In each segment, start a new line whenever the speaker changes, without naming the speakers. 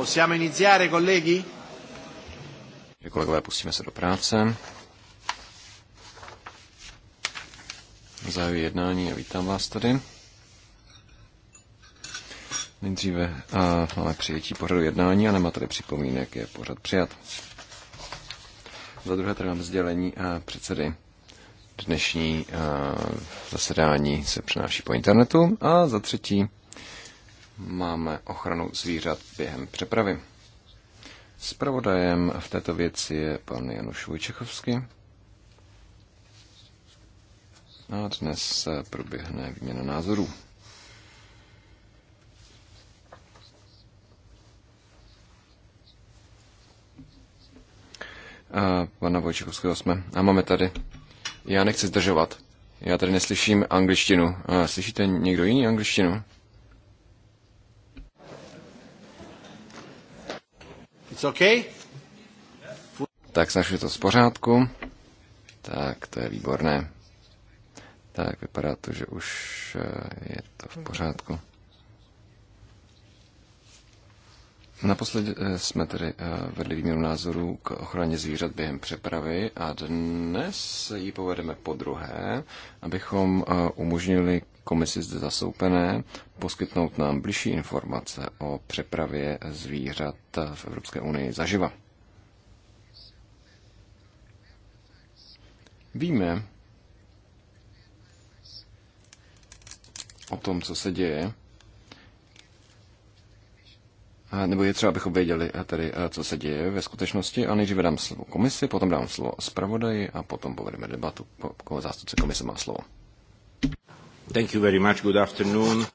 Possiamo iniziare, colleghi?
Kolegové, pustíme se do práce. Zahajuji jednání a vítám vás tady. Nejdříve uh, máme přijetí pořadu jednání a nemá tady připomínek, je pořad přijat. Za druhé tady mám sdělení a eh, předsedy dnešní eh, zasedání se přenáší po internetu. A za třetí máme ochranu zvířat během přepravy. Spravodajem v této věci je pan Januš Vojčechovský. A dnes proběhne výměna názorů. A pana Vojčechovského jsme. A máme tady. Já nechci zdržovat. Já tady neslyším angličtinu. A slyšíte někdo jiný angličtinu? It's okay? Tak to z pořádku. Tak, to je výborné. Tak, vypadá to, že už eh, je to v pořádku. Naposledy eh, jsme tedy eh, vedli výměnu názorů k ochraně zvířat během přepravy a dnes ji povedeme po druhé, abychom umožnili komisi zde zasoupené poskytnout nám bližší informace o přepravě zvířat v Evropské unii zaživa. Víme o tom, co se děje, nebo je třeba, abychom věděli tedy, co se děje ve skutečnosti. A nejdříve dám slovo komisi, potom dám slovo zpravodaji a potom povedeme debatu. Zástupce komise má slovo. Thank you very much. Good afternoon.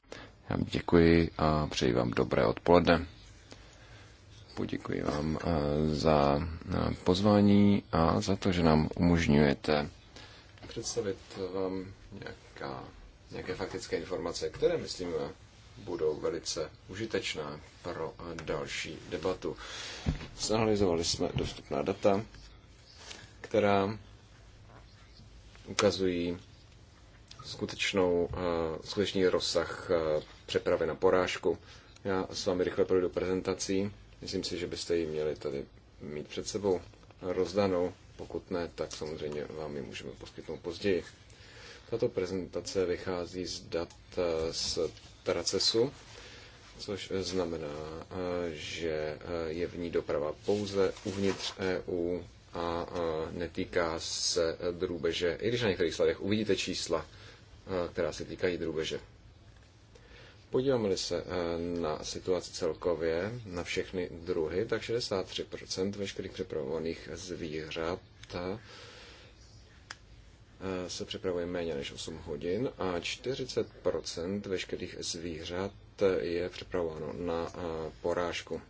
Já děkuji a přeji vám dobré odpoledne. Poděkuji vám eh, za eh, pozvání a za to, že nám umožňujete představit eh, vám nějaká, nějaké faktické informace, které, myslím, budou velice užitečné pro další debatu. Zanalizovali jsme dostupná data, která ukazují skutečnou, eh, skutečný rozsah eh, přepravy na porážku. Já s vámi rychle projdu prezentací. Myslím si, že byste ji měli tady mít před sebou rozdanou. Pokud ne, tak samozřejmě vám ji můžeme poskytnout později. Tato prezentace vychází z dat eh, z Tracesu, což znamená, že je v ní doprava pouze uvnitř EU a netýká se drůbeže, i když na některých sladech uvidíte čísla, Eh, která se týkají drůbeže. podíváme se eh, na situaci celkově, na všechny druhy, tak 63% veškerých přepravovaných zvířat eh, se přepravuje méně než 8 hodin a 40% veškerých zvířat je přepravováno na porážku.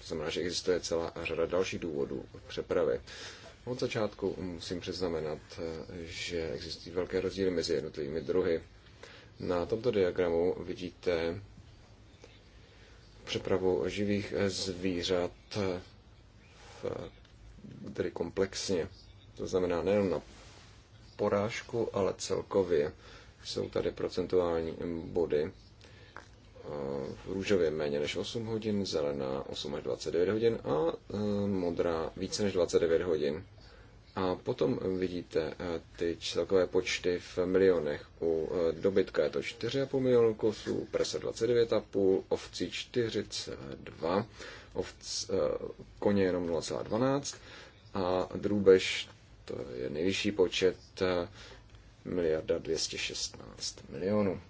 To znamená, že existuje celá řada dalších důvodů přepravy. Od začátku musím přeznamenat, že existují velké rozdíly mezi jednotlivými druhy. Na tomto diagramu vidíte přepravu živých zvířat v, tedy komplexně. To znamená nejen na porážku, ale celkově jsou tady procentuální body růžově méně než 8 hodin, zelená 8 až 29 hodin a e, modrá více než 29 hodin. A potom vidíte e, ty celkové počty v milionech. U e, dobytka je to 4,5 milionu kusů, prese 29,5, ovcí 4,2, ovc, koně jenom 0,12 a drůbež, to je nejvyšší počet, miliarda 216 milionů.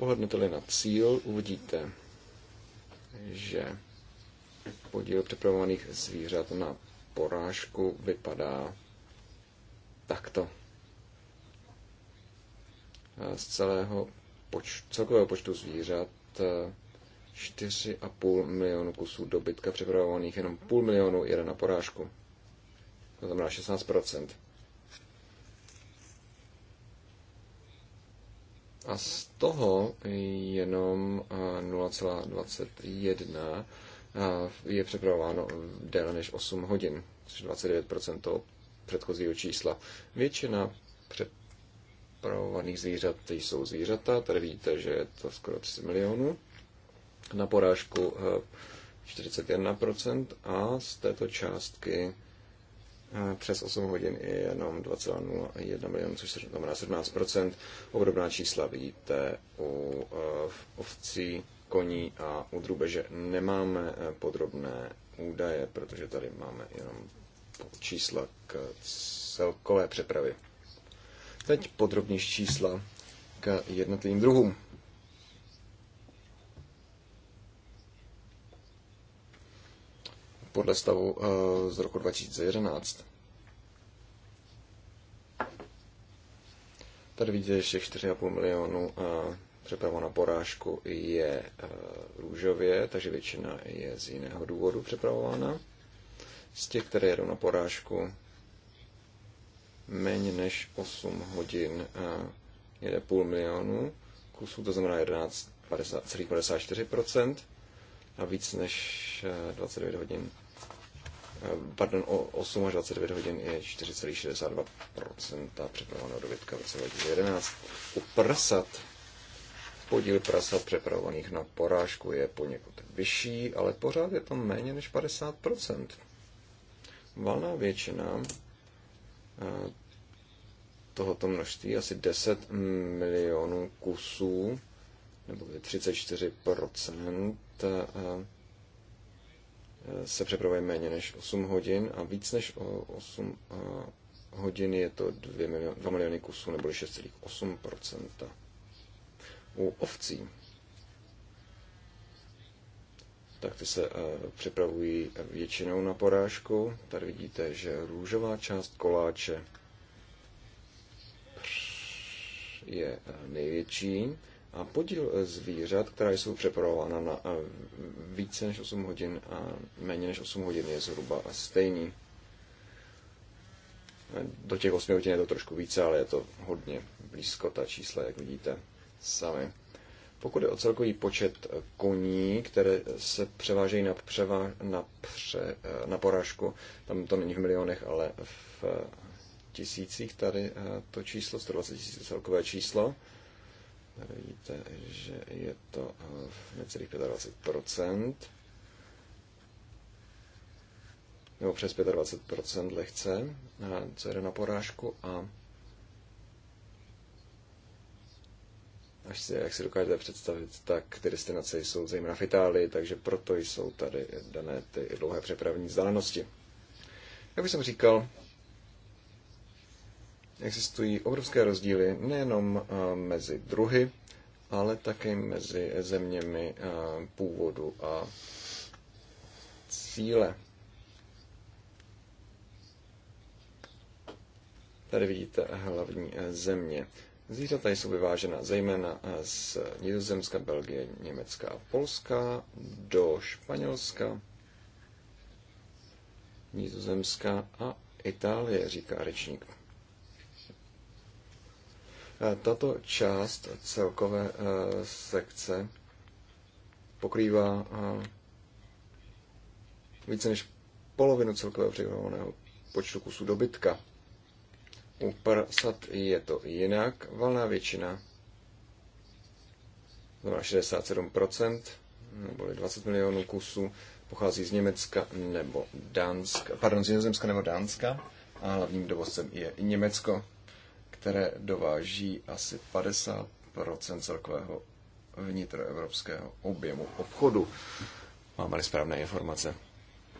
Pohlednete-li na cíl, uvidíte, že podíl přepravovaných zvířat na porážku vypadá takto. Z celého poč- celkového počtu zvířat 4,5 eh, milionu kusů dobytka přepravovaných jenom půl milionu jede na porážku. To znamená 16 a z toho jenom 0,21 eh, eh, je přepravováno déle než 8 hodin, což 29% toho předchozího čísla. Většina přepravovaných zvířat jsou zvířata, tady vidíte, že je to skoro 30 milionů. Na porážku 41% eh, a z této částky Eh, přes 8 hodin je jenom 2,01 milionů, což se znamená 17 Obdobná čísla vidíte u eh, ovcí, koní a u drůbeže. Nemáme eh, podrobné údaje, protože tady máme jenom čísla k celkové přepravě. Teď podrobnější čísla k jednotlivým druhům. podle stavu eh, z roku 2011. Tady vidíte, že 4,5 milionů eh, přeprava na porážku je eh, růžově, takže většina je z jiného důvodu přepravována. Z těch, které jedou na porážku, méně než 8 hodin jede půl milionu kusů, to znamená 11,54% a víc než 29 eh, hodin, eh, pardon, o 8 až 29 hodin je 4,62% přepravovaného dobytka v roce 2011. U prasat podíl prasat přepravovaných na porážku je poněkud vyšší, ale pořád je to méně než 50%. Valná většina eh, tohoto množství, asi 10 milionů kusů, nebo 34%, Eh, eh, se přepravuje méně než 8 hodin a víc než 8 eh, hodin je to 2 miliony, 2 miliony kusů nebo 6,8%. U ovcí tak ty se připravují většinou na porážku. Tady vidíte, že růžová část koláče je největší, a podíl eh, zvířat, která jsou přepravována na eh, více než 8 hodin a méně než 8 hodin je zhruba stejný. Eh, do těch 8 hodin je to trošku více, ale je to hodně blízko ta čísla, jak vidíte sami. Pokud je o celkový počet koní, které se převážejí na, převá, na, pře, na porážku, tam to není v milionech, ale v tisících, tady to číslo, 120 tisíc celkové číslo, Vidíte, že je to eh, necelých 25%, nebo přes 25% lehce, eh, co jde na porážku a až si, jak si dokážete představit, tak ty destinace jsou zejména v Itálii, takže proto jsou tady dané ty dlouhé přepravní vzdálenosti. Jak už jsem říkal, existují obrovské rozdíly nejenom eh, mezi druhy, ale také mezi zeměmi eh, původu a cíle. Tady vidíte hlavní eh, země. Zvířata jsou vyvážena zejména z Nizozemska, Belgie, Německa a Polska do Španělska, Nizozemska a Itálie, říká rečník. Tato část celkové e, sekce pokrývá e, více než polovinu celkového připravovaného počtu kusů dobytka. U prsat je to jinak, valná většina, znamená 67%, nebo 20 milionů kusů, pochází z Německa nebo Dánska, pardon, z Nizozemska nebo Dánska a hlavním dovozcem je Německo které dováží asi 50 celkového vnitroevropského objemu obchodu. Máme-li správné informace.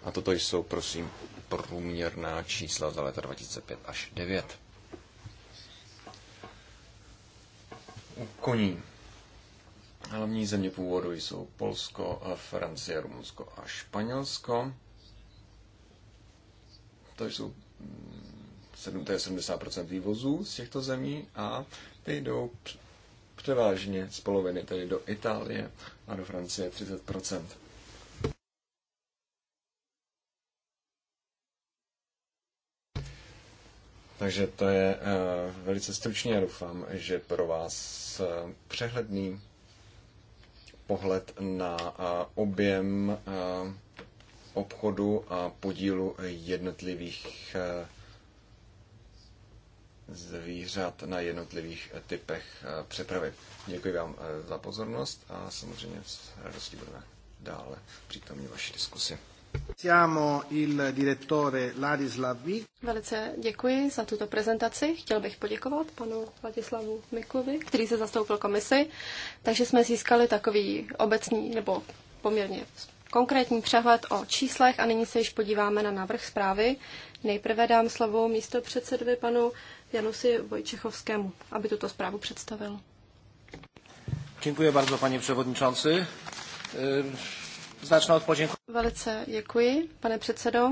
A toto jsou, prosím, průměrná čísla za leta 2005 až 9. koní. Hlavní země původu jsou Polsko, Francie, Rumunsko a Španělsko. To jsou 70% vývozů z těchto zemí a ty jdou převážně z poloviny, tedy do Itálie a do Francie 30%. Takže to je uh, velice stručně Já doufám, že pro vás uh, přehledný pohled na uh, objem uh, obchodu a podílu jednotlivých uh, zvířat na jednotlivých typech eh, přepravy. Děkuji vám eh, za pozornost a samozřejmě s radostí budeme dále přítomní vaší diskusi.
Velice děkuji za tuto prezentaci. Chtěl bych poděkovat panu Ladislavu Mikovi, který se zastoupil komisi. Takže jsme získali takový obecný nebo poměrně konkrétní přehled o číslech a nyní se již podíváme na návrh zprávy. Nejprve dám slovo místo předsedovi panu Janusi Wojciechowskiemu, aby tuto zprávu představil.
Děkuji bardzo, pane předsedající. E, Značná odpočinku.
Velice děkuji, pane předsedo.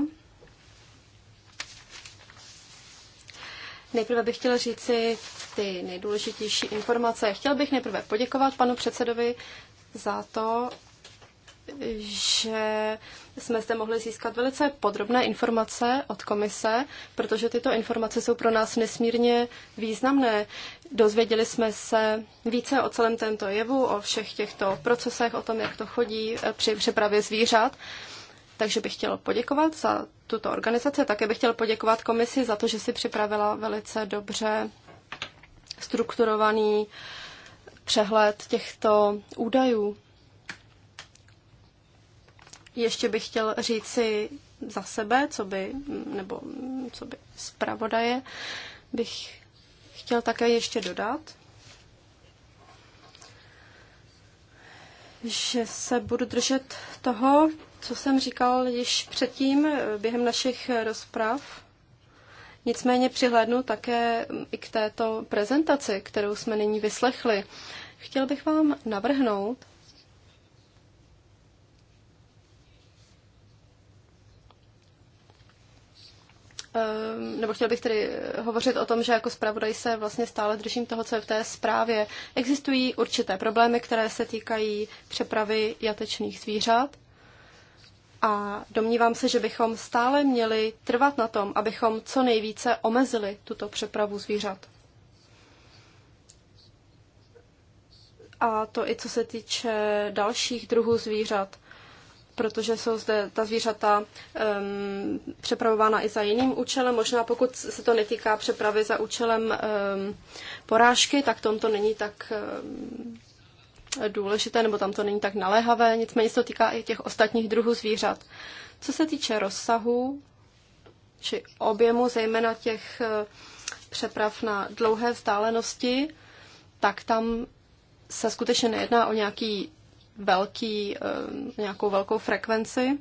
Nejprve bych chtěla říci ty nejdůležitější informace. Chtěl bych nejprve poděkovat panu předsedovi za to, že jsme zde mohli získat velice podrobné informace od komise, protože tyto informace jsou pro nás nesmírně významné. Dozvěděli jsme se více o celém tento jevu, o všech těchto procesech, o tom, jak to chodí eh, při přepravě zvířat. Takže bych chtěl poděkovat za tuto organizaci. Také bych chtěl poděkovat komisi za to, že si připravila velice dobře strukturovaný přehled těchto údajů. Ještě bych chtěl říci za sebe, co by, nebo co by zpravodaje, bych chtěl také ještě dodat, že se budu držet toho, co jsem říkal již předtím během našich rozprav. Nicméně přihlédnu také i k této prezentaci, kterou jsme nyní vyslechli. Chtěl bych vám navrhnout, Ehm, nebo chtěl bych tedy eh, hovořit o tom, že jako zpravodaj se vlastně stále držím toho, co je v té zprávě. Existují určité problémy, které se týkají přepravy jatečných zvířat a domnívám se, že bychom stále měli trvat na tom, abychom co nejvíce omezili tuto přepravu zvířat. A to i co se týče dalších druhů zvířat protože jsou zde ta zvířata um, přepravována i za jiným účelem. Možná pokud se to netýká přepravy za účelem um, porážky, tak tom to není tak um, důležité, nebo tam to není tak naléhavé, nicméně se to týká i těch ostatních druhů zvířat. Co se týče rozsahu či objemu, zejména těch eh, přeprav na dlouhé vzdálenosti, tak tam se skutečně nejedná o nějaký velký, eh, nějakou velkou frekvenci.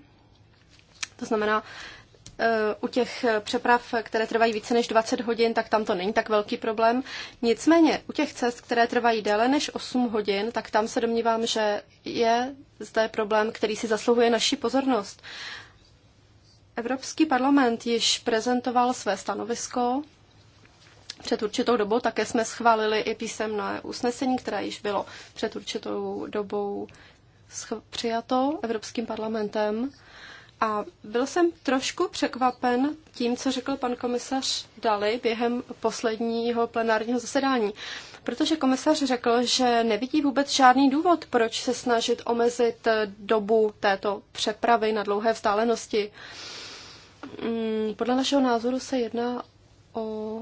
To znamená, eh, u těch přeprav, které trvají více než 20 hodin, tak tam to není tak velký problém. Nicméně u těch cest, které trvají déle než 8 hodin, tak tam se domnívám, že je zde problém, který si zasluhuje naší pozornost. Evropský parlament již prezentoval své stanovisko před určitou dobou také jsme schválili i písemné usnesení, které již bylo před určitou dobou přijato Evropským parlamentem. A byl jsem trošku překvapen tím, co řekl pan komisař Dali během posledního plenárního zasedání. Protože komisař řekl, že nevidí vůbec žádný důvod, proč se snažit omezit dobu této přepravy na dlouhé vzdálenosti. Mm, podle našeho názoru se jedná o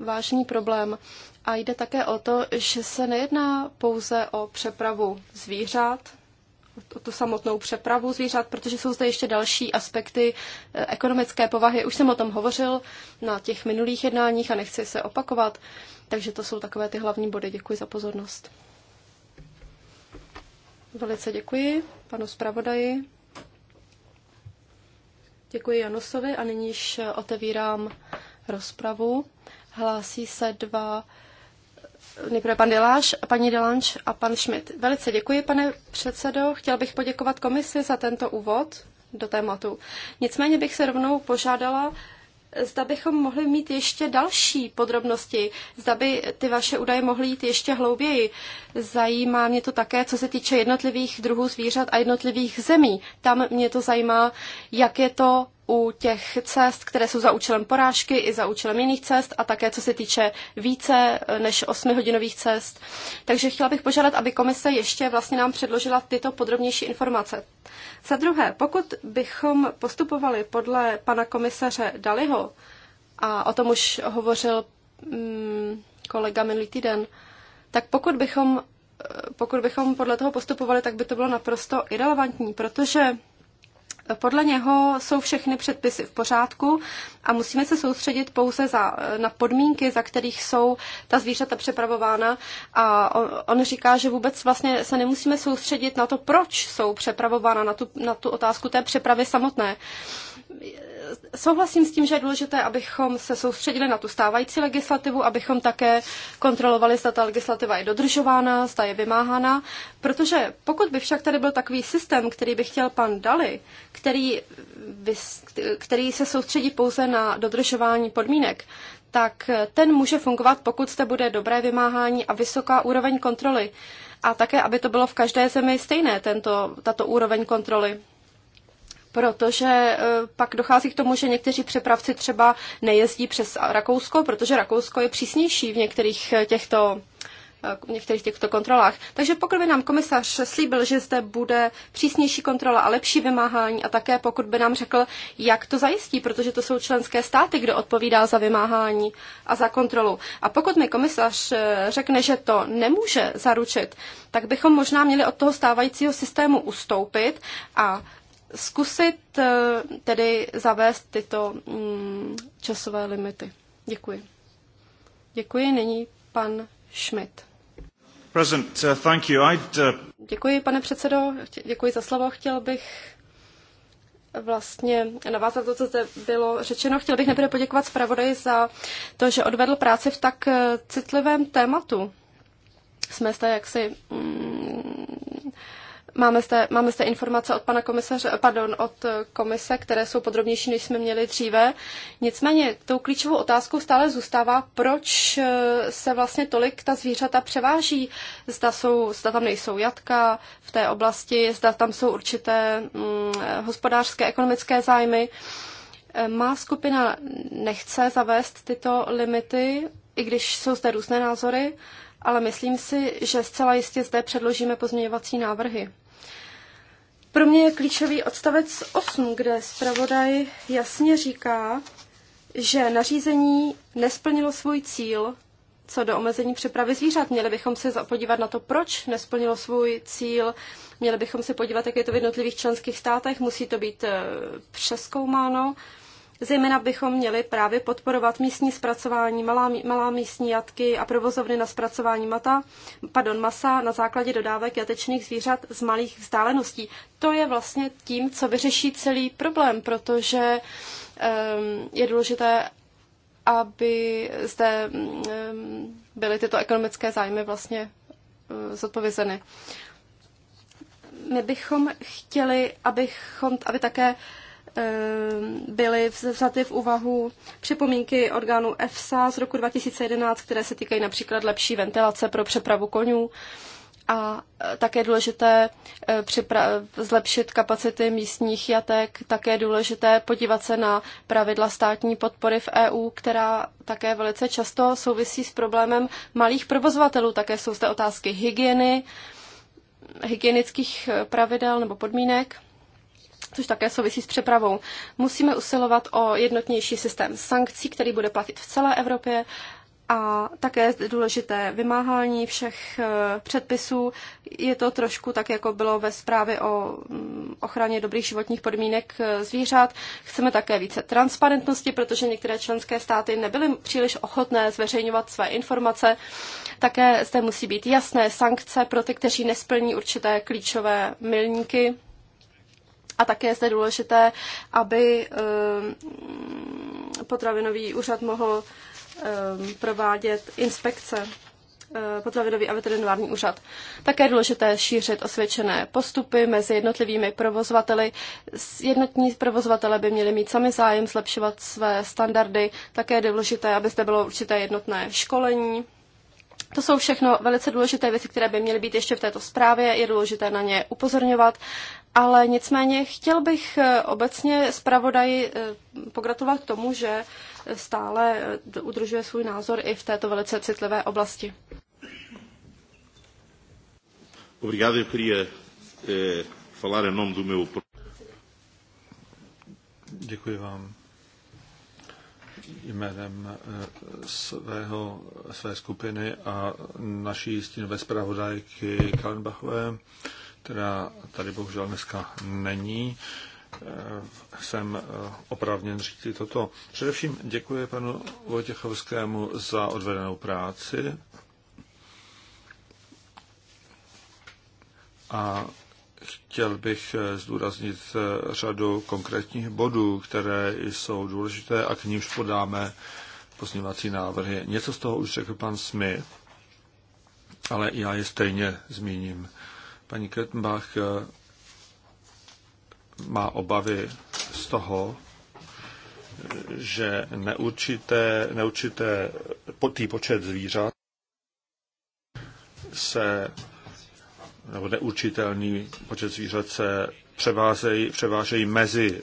vážný problém. A jde také o to, že se nejedná pouze o přepravu zvířat, o tu samotnou přepravu zvířat, protože jsou zde ještě další aspekty eh, ekonomické povahy. Už jsem o tom hovořil na těch minulých jednáních a nechci se opakovat, takže to jsou takové ty hlavní body. Děkuji za pozornost. Velice děkuji panu zpravodaji. Děkuji Janusovi a nyníž otevírám rozpravu. Hlásí se dva, nejprve pan Deláš, paní Delanč a pan Schmidt. Velice děkuji, pane předsedo. Chtěl bych poděkovat komisi za tento úvod do tématu. Nicméně bych se rovnou požádala, zda bychom mohli mít ještě další podrobnosti, zda by ty vaše údaje mohly jít ještě hlouběji. Zajímá mě to také, co se týče jednotlivých druhů zvířat a jednotlivých zemí. Tam mě to zajímá, jak je to u těch cest, které jsou za účelem porážky i za účelem jiných cest a také co se týče více eh, než 8 hodinových cest. Takže chtěla bych požádat, aby komise ještě vlastně nám předložila tyto podrobnější informace. Za druhé, pokud bychom postupovali podle pana komisaře Daliho, a o tom už hovořil mm, kolega minulý týden, tak pokud bychom, eh, pokud bychom podle toho postupovali, tak by to bylo naprosto irrelevantní, protože podle něho jsou všechny předpisy v pořádku a musíme se soustředit pouze za, na podmínky, za kterých jsou ta zvířata přepravována. A on, on říká, že vůbec vlastně se nemusíme soustředit na to, proč jsou přepravována, na tu, na tu otázku té přepravy samotné souhlasím s tím, že je důležité, abychom se soustředili na tu stávající legislativu, abychom také kontrolovali, zda ta legislativa je dodržována, zda je vymáhána, protože pokud by však tady byl takový systém, který by chtěl pan Dali, který, který se soustředí pouze na dodržování podmínek, tak ten může fungovat, pokud zde bude dobré vymáhání a vysoká úroveň kontroly. A také, aby to bylo v každé zemi stejné, tento, tato úroveň kontroly protože e, pak dochází k tomu, že někteří přepravci třeba nejezdí přes Rakousko, protože Rakousko je přísnější v některých e, těchto e, v některých těchto kontrolách. Takže pokud by nám komisař slíbil, že zde bude přísnější kontrola a lepší vymáhání a také pokud by nám řekl, jak to zajistí, protože to jsou členské státy, kdo odpovídá za vymáhání a za kontrolu. A pokud mi komisař řekne, že to nemůže zaručit, tak bychom možná měli od toho stávajícího systému ustoupit a zkusit eh, tedy zavést tyto mm, časové limity. Děkuji. Děkuji. Nyní pan Schmidt.
President, uh, thank you. I'd, uh...
Děkuji, pane předsedo. Děkuji za slovo. Chtěl bych vlastně navázat to, co zde bylo řečeno. Chtěl bych nejprve poděkovat zpravodaji za to, že odvedl práci v tak eh, citlivém tématu. Jsme zde jaksi mm, Máme zde, máme zde informace od pana komisaře, pardon, od komise, které jsou podrobnější, než jsme měli dříve. Nicméně tou klíčovou otázkou stále zůstává, proč eh, se vlastně tolik ta zvířata převáží. Zda, jsou, zda tam nejsou jatka v té oblasti, zda tam jsou určité hm, hospodářské, ekonomické zájmy. Eh, má skupina nechce zavést tyto limity, i když jsou zde různé názory ale myslím si, že zcela jistě zde předložíme pozměňovací návrhy. Pro mě je klíčový odstavec 8, kde zpravodaj jasně říká, že nařízení nesplnilo svůj cíl co do omezení přepravy zvířat. Měli bychom se podívat na to, proč nesplnilo svůj cíl, měli bychom se podívat, jak je to v jednotlivých členských státech, musí to být eh, přeskoumáno. Zejména bychom měli právě podporovat místní zpracování, malá, malá místní jatky a provozovny na zpracování mata, pardon, masa na základě dodávek jatečných zvířat z malých vzdáleností. To je vlastně tím, co vyřeší celý problém, protože um, je důležité, aby zde um, byly tyto ekonomické zájmy vlastně uh, zodpovězeny. My bychom chtěli, abychom, aby také uh, Eh, byly vzaty v úvahu připomínky orgánu EFSA z roku 2011, které se týkají například lepší ventilace pro přepravu koní, a eh, také je důležité eh, zlepšit kapacity místních jatek, také je důležité podívat se na pravidla státní podpory v EU, která také velice často souvisí s problémem malých provozovatelů. Také jsou zde otázky hygieny, hygienických pravidel nebo podmínek což také souvisí s přepravou. Musíme usilovat o jednotnější systém sankcí, který bude platit v celé Evropě a také důležité vymáhání všech eh, předpisů. Je to trošku tak, jako bylo ve zprávě o mm, ochraně dobrých životních podmínek eh, zvířat. Chceme také více transparentnosti, protože některé členské státy nebyly příliš ochotné zveřejňovat své informace. Také zde musí být jasné sankce pro ty, kteří nesplní určité klíčové milníky a také je zde důležité, aby eh, potravinový úřad mohl eh, provádět inspekce eh, potravinový a veterinární úřad. Také je důležité šířit osvědčené postupy mezi jednotlivými provozovateli. Jednotní provozovatele by měli mít sami zájem zlepšovat své standardy. Také je důležité, aby zde bylo určité jednotné školení. To jsou všechno velice důležité věci, které by měly být ještě v této zprávě. Je důležité na ně upozorňovat ale nicméně chtěl bych eh, obecně zpravodaji eh, pogratulovat k tomu, že eh, stále udržuje svůj názor i v této velice citlivé oblasti.
Obrigado, eu queria eh, falar em nome do meu... Děkuji vám. Jménem svého, své skupiny a naší stínové zpravodajky Kalenbachové která tady bohužel dneska není, eh, jsem eh, oprávněn říct toto. Především děkuji panu Vojtěchovskému za odvedenou práci a chtěl bych eh, zdůraznit řadu konkrétních bodů, které jsou důležité a k nímž podáme pozměňovací návrhy. Něco z toho už řekl pan Smith, ale já je stejně zmíním. Paní Krettenbach eh, má obavy z toho, že neurčité, neurčité tý počet zvířat se nebo neurčitelný počet zvířat se převázejí, převážejí mezi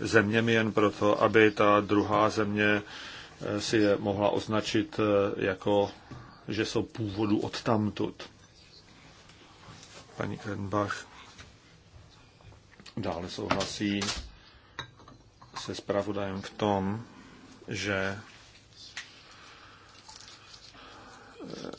zeměmi jen proto, aby ta druhá země eh, si je mohla označit eh, jako, že jsou původu odtamtud paní Krenbach dále souhlasí se zpravodajem v tom, že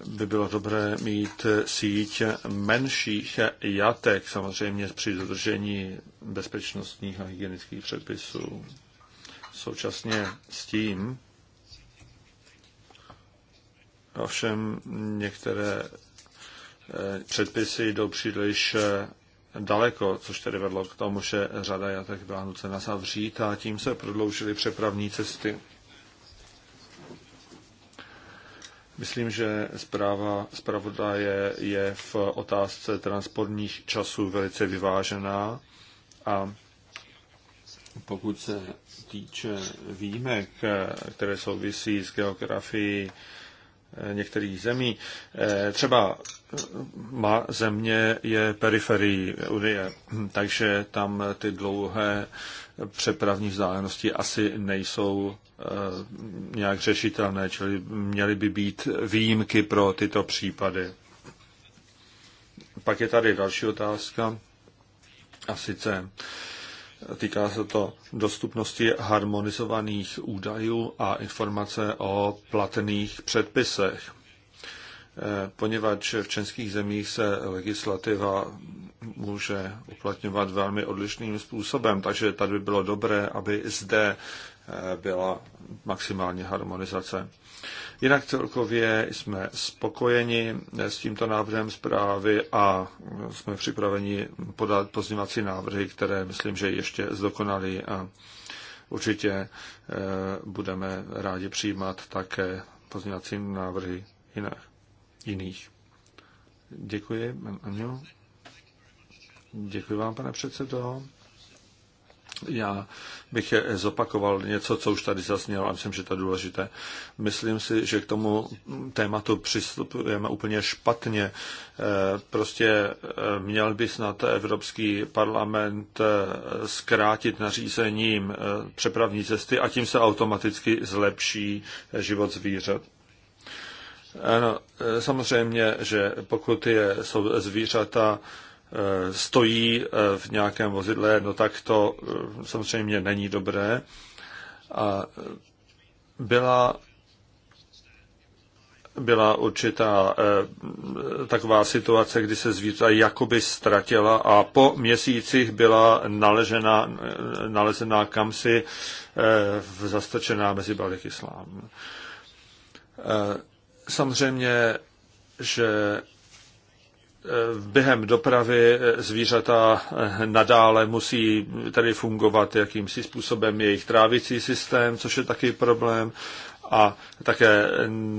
by bylo dobré mít síť menších jatek, samozřejmě při dodržení bezpečnostních a hygienických předpisů. Současně s tím, ovšem některé Eh, předpisy jdou příliš eh, daleko, což tedy vedlo k tomu, že řada jatek byla nucena zavřít a tím se prodloužily přepravní cesty. Myslím, že zpráva zpravodaje je v otázce transportních časů velice vyvážená a pokud se týče výjimek, eh, které souvisí s geografií Eh, některých zemí. Eh, třeba má země je periferií Unie, takže tam ty dlouhé přepravní vzdálenosti asi nejsou eh, nějak řešitelné, čili měly by být výjimky pro tyto případy. Pak je tady další otázka, a sice Týká se to dostupnosti harmonizovaných údajů a informace o platných předpisech. Eh, poněvadž v českých zemích se legislativa může uplatňovat velmi odlišným způsobem, takže tady by bylo dobré, aby zde eh, byla maximální harmonizace. Jinak celkově jsme spokojeni s tímto návrhem zprávy a jsme připraveni podat pozněvací návrhy, které myslím, že ještě zdokonalí a určitě eh, budeme rádi přijímat také pozněvací návrhy jiných. jiných. Děkuji, Anjo. Děkuji vám, pane předsedo. Já bych zopakoval něco, co už tady zaznělo a myslím, že to je důležité. Myslím si, že k tomu tématu přistupujeme úplně špatně. Eh, prostě eh, měl by snad Evropský parlament eh, zkrátit nařízením přepravní cesty a tím se automaticky zlepší život zvířat. Ano, samozřejmě, že pokud je, jsou zvířata Eh, stojí eh, v nějakém vozidle, no tak to eh, samozřejmě není dobré. A byla byla určitá taková situace, kdy se zvířata jakoby ztratila a po měsících byla naležena, nalezená kamsi v zastrčená mezi Balikislámem. samozřejmě, že Eh, během dopravy eh, zvířata eh, nadále musí tedy fungovat jakýmsi způsobem jejich trávicí systém, což je taky problém, a také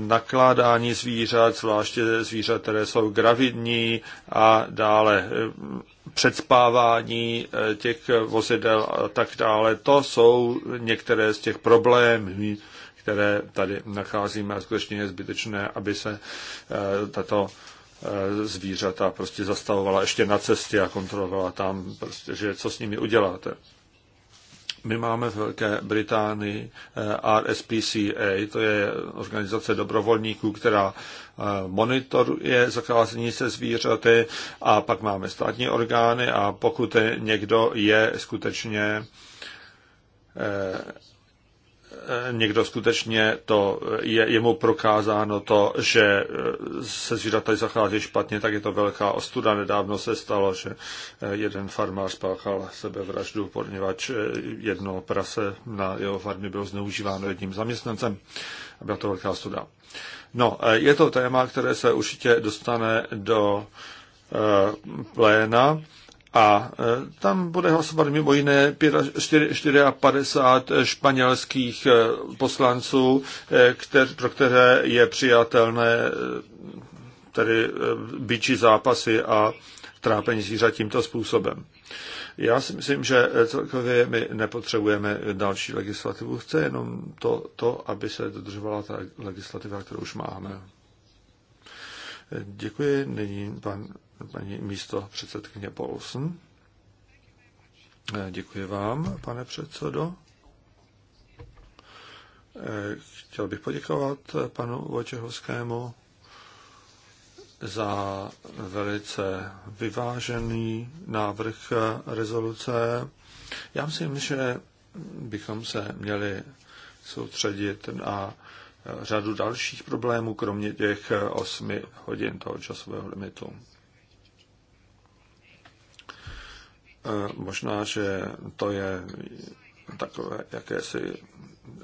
nakládání zvířat, zvláště zvířat, které jsou gravidní a dále předspávání těch vozidel a tak dále. To jsou některé z těch problémů, které tady nacházíme a skutečně je zbytečné, aby se tato Eh, zvířata prostě zastavovala ještě na cestě a kontrolovala tam, prostě, že co s nimi uděláte. My máme v Velké Británii eh, RSPCA, to je organizace dobrovolníků, která eh, monitoruje zacházení se zvířaty a pak máme státní orgány a pokud někdo je skutečně Eh, někdo skutečně to, eh, je, je mu prokázáno to, že eh, se zvířata zachází špatně, tak je to velká ostuda. Nedávno se stalo, že jeden farmář spáchal sebevraždu, poněvadž jedno prase na jeho farmě bylo zneužíváno jedním zaměstnancem. Byla to velká ostuda. No, je to téma, které se určitě dostane do pléna a e, tam bude hlasovat mimo jiné 54 španělských e, poslanců, e, kteř, pro které je přijatelné tedy byčí zápasy a trápení zvířat tímto způsobem. Já si myslím, že celkově my nepotřebujeme další legislativu. Chce jenom to, to aby se dodržovala ta legislativa, kterou už máme. Děkuji. Nyní pan paní místo předsedkyně Paulsen. Eh, děkuji vám, pane předsedo. Eh, chtěl bych poděkovat panu Vojčehovskému za velice vyvážený návrh rezoluce. Já myslím, že bychom se měli soustředit na řadu dalších problémů, kromě těch osmi hodin toho časového limitu. Možná, že to je takové jakési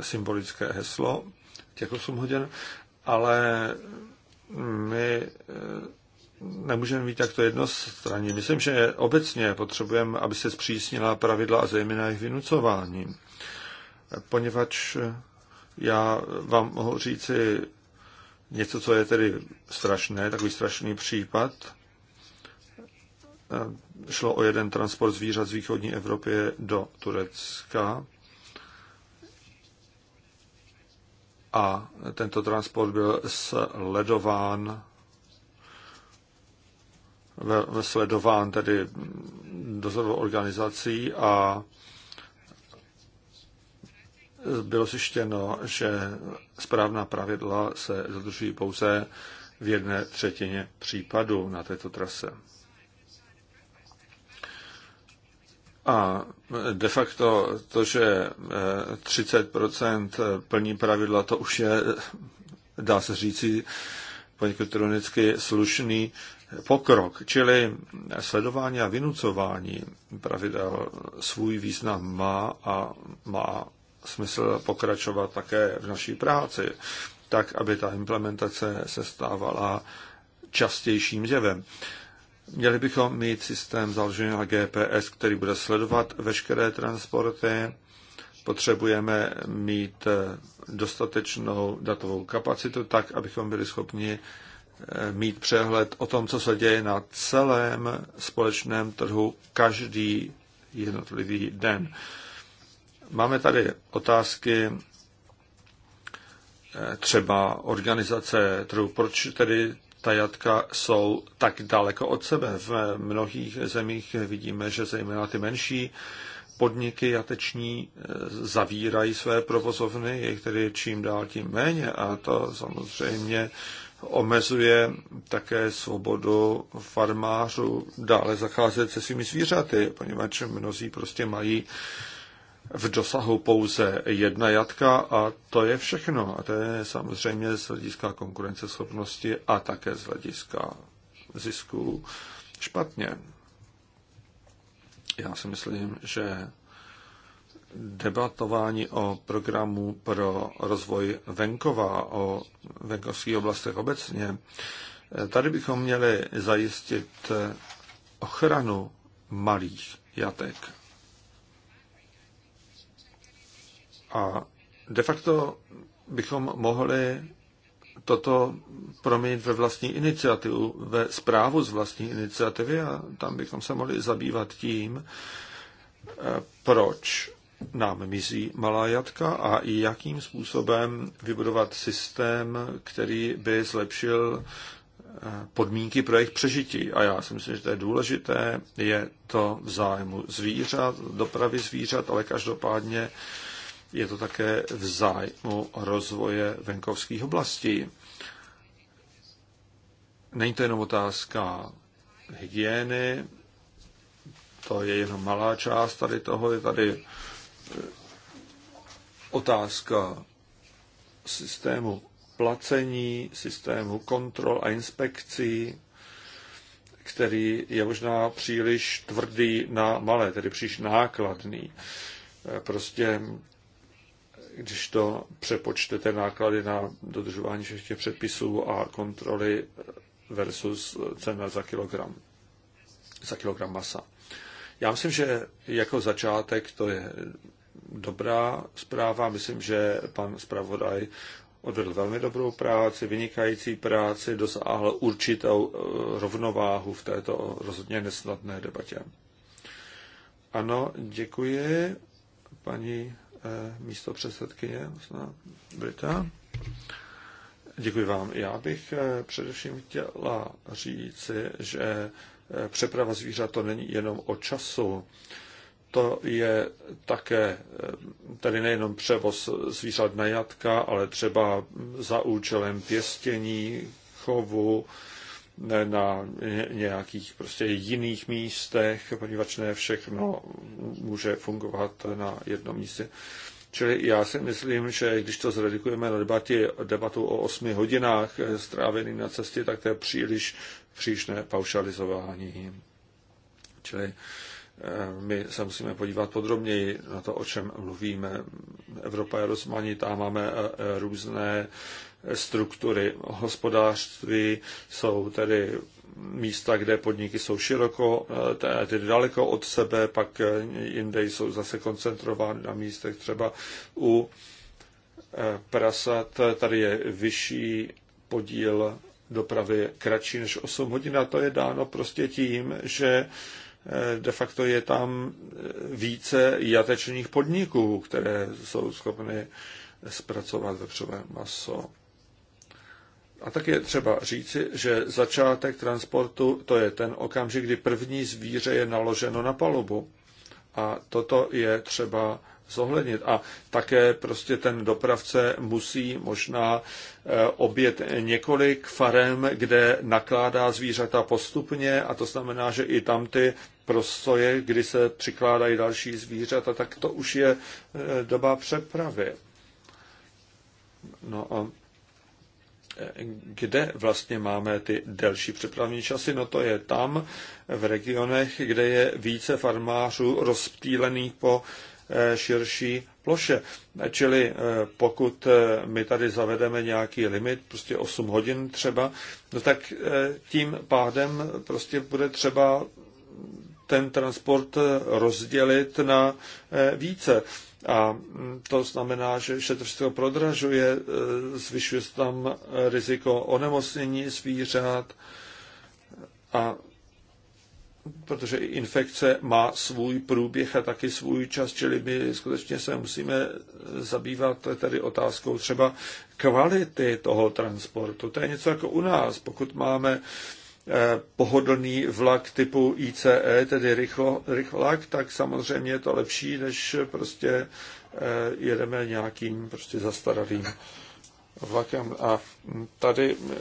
symbolické heslo těch 8 hodin, ale my eh, nemůžeme mít takto jednostranní. Myslím, že obecně potřebujeme, aby se zpřísnila pravidla a zejména jejich vynucování. Poněvadž eh, já vám mohu říci něco, co je tedy strašné, takový strašný případ. Eh, šlo o jeden transport zvířat z východní Evropy do Turecka. A tento transport byl sledován sledován tedy dozorovou organizací a bylo zjištěno, že správná pravidla se zadržují pouze v jedné třetině případů na této trase. A de facto to, že 30% eh, plní pravidla, to už je, eh, dá se říci, poněkud ironicky slušný pokrok. Čili sledování a vynucování pravidel svůj význam má a má smysl pokračovat také v naší práci, tak aby ta implementace se stávala častějším zjevem. Měli bychom mít systém založený na GPS, který bude sledovat veškeré transporty. Potřebujeme mít eh, dostatečnou datovou kapacitu tak, abychom byli schopni eh, mít přehled o tom, co se děje na celém společném trhu každý jednotlivý den. Máme tady otázky eh, třeba organizace trhu. Proč tedy ta jatka jsou tak daleko od sebe. V mnohých zemích vidíme, že zejména ty menší podniky jateční eh, zavírají své provozovny, je tedy čím dál tím méně a to samozřejmě omezuje také svobodu farmářů dále zacházet se svými zvířaty, poněvadž mnozí prostě mají v dosahu pouze jedna jatka a to je všechno. A to je samozřejmě z hlediska konkurenceschopnosti a také z hlediska zisku špatně. Já si myslím, že debatování o programu pro rozvoj venkova, o venkovských oblastech obecně, tady bychom měli zajistit ochranu malých jatek A de facto bychom mohli toto proměnit ve vlastní iniciativu, ve zprávu z vlastní iniciativy a tam bychom se mohli zabývat tím, eh, proč nám mizí malá jatka a i jakým způsobem vybudovat systém, který by zlepšil eh, podmínky pro jejich přežití. A já si myslím, že to je důležité, je to v zájmu zvířat, dopravy zvířat, ale každopádně je to také v zájmu rozvoje venkovských oblastí. Není to jenom otázka hygieny, to je jenom malá část tady toho, je tady eh, otázka systému placení, systému kontrol a inspekcí, který je možná příliš tvrdý na malé, tedy příliš nákladný. Eh, prostě když to přepočtete náklady na dodržování všech těch předpisů a kontroly versus cena za kilogram, za kilogram masa. Já myslím, že jako začátek to je dobrá zpráva. Myslím, že pan zpravodaj odvedl velmi dobrou práci, vynikající práci, dosáhl určitou eh, rovnováhu v této rozhodně nesnadné debatě. Ano, děkuji, paní Eh, místo předsedkyně Brita. Děkuji vám. Já bych eh, především chtěla říci, že eh, přeprava zvířat to není jenom o času, to je také tedy nejenom převoz zvířat na jatka, ale třeba za účelem pěstění, chovu, na nějakých prostě jiných místech, poněvadž ne všechno může fungovat na jednom místě. Čili já si myslím, že když to zredikujeme na debatě, debatu o osmi hodinách strávený na cestě, tak to je příliš příšné paušalizování. Čili eh, my se musíme podívat podrobněji na to, o čem mluvíme. Evropa je rozmanitá, máme eh, různé struktury hospodářství, jsou tedy místa, kde podniky jsou široko, eh, tedy daleko od sebe, pak eh, jinde jsou zase koncentrovány na místech třeba u eh, prasat, tady je vyšší podíl dopravy kratší než 8 hodin a to je dáno prostě tím, že de facto je tam více jatečných podniků, které jsou schopny zpracovat vepřové maso. A tak je třeba říci, že začátek transportu to je ten okamžik, kdy první zvíře je naloženo na palubu. A toto je třeba zohlednit. A také prostě ten dopravce musí možná eh, obět několik farem, kde nakládá zvířata postupně a to znamená, že i tam ty prostoje, kdy se přikládají další zvířata, tak to už je eh, doba přepravy. No a kde vlastně máme ty delší přepravní časy? No to je tam, v regionech, kde je více farmářů rozptýlených po eh, širší ploše. Čili eh, pokud eh, my tady zavedeme nějaký limit, prostě 8 hodin třeba, no tak tím pádem prostě bude třeba ten transport rozdělit na více. A mm, to znamená, že se to všechno prodražuje, e, zvyšuje se tam e, riziko onemocnění zvířat a protože infekce má svůj průběh a taky svůj čas, čili my skutečně se musíme zabývat tady otázkou třeba kvality toho transportu. To je něco jako u nás. Pokud máme pohodlný vlak typu ICE, tedy rychlo, rychlák, tak samozřejmě je to lepší, než prostě eh, jedeme nějakým prostě zastaralým vlakem. A tady, eh,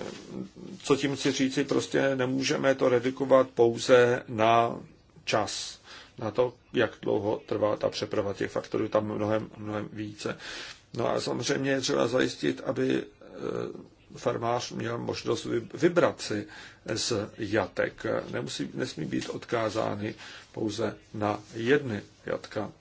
co tím chci říci, prostě nemůžeme to redukovat pouze na čas, na to, jak dlouho trvá ta přeprava těch faktorů, tam mnohem, mnohem více. No a samozřejmě je třeba zajistit, aby eh, farmář měl možnost vybrat si z jatek. Nemusí, nesmí být odkázány pouze na jedny jatka.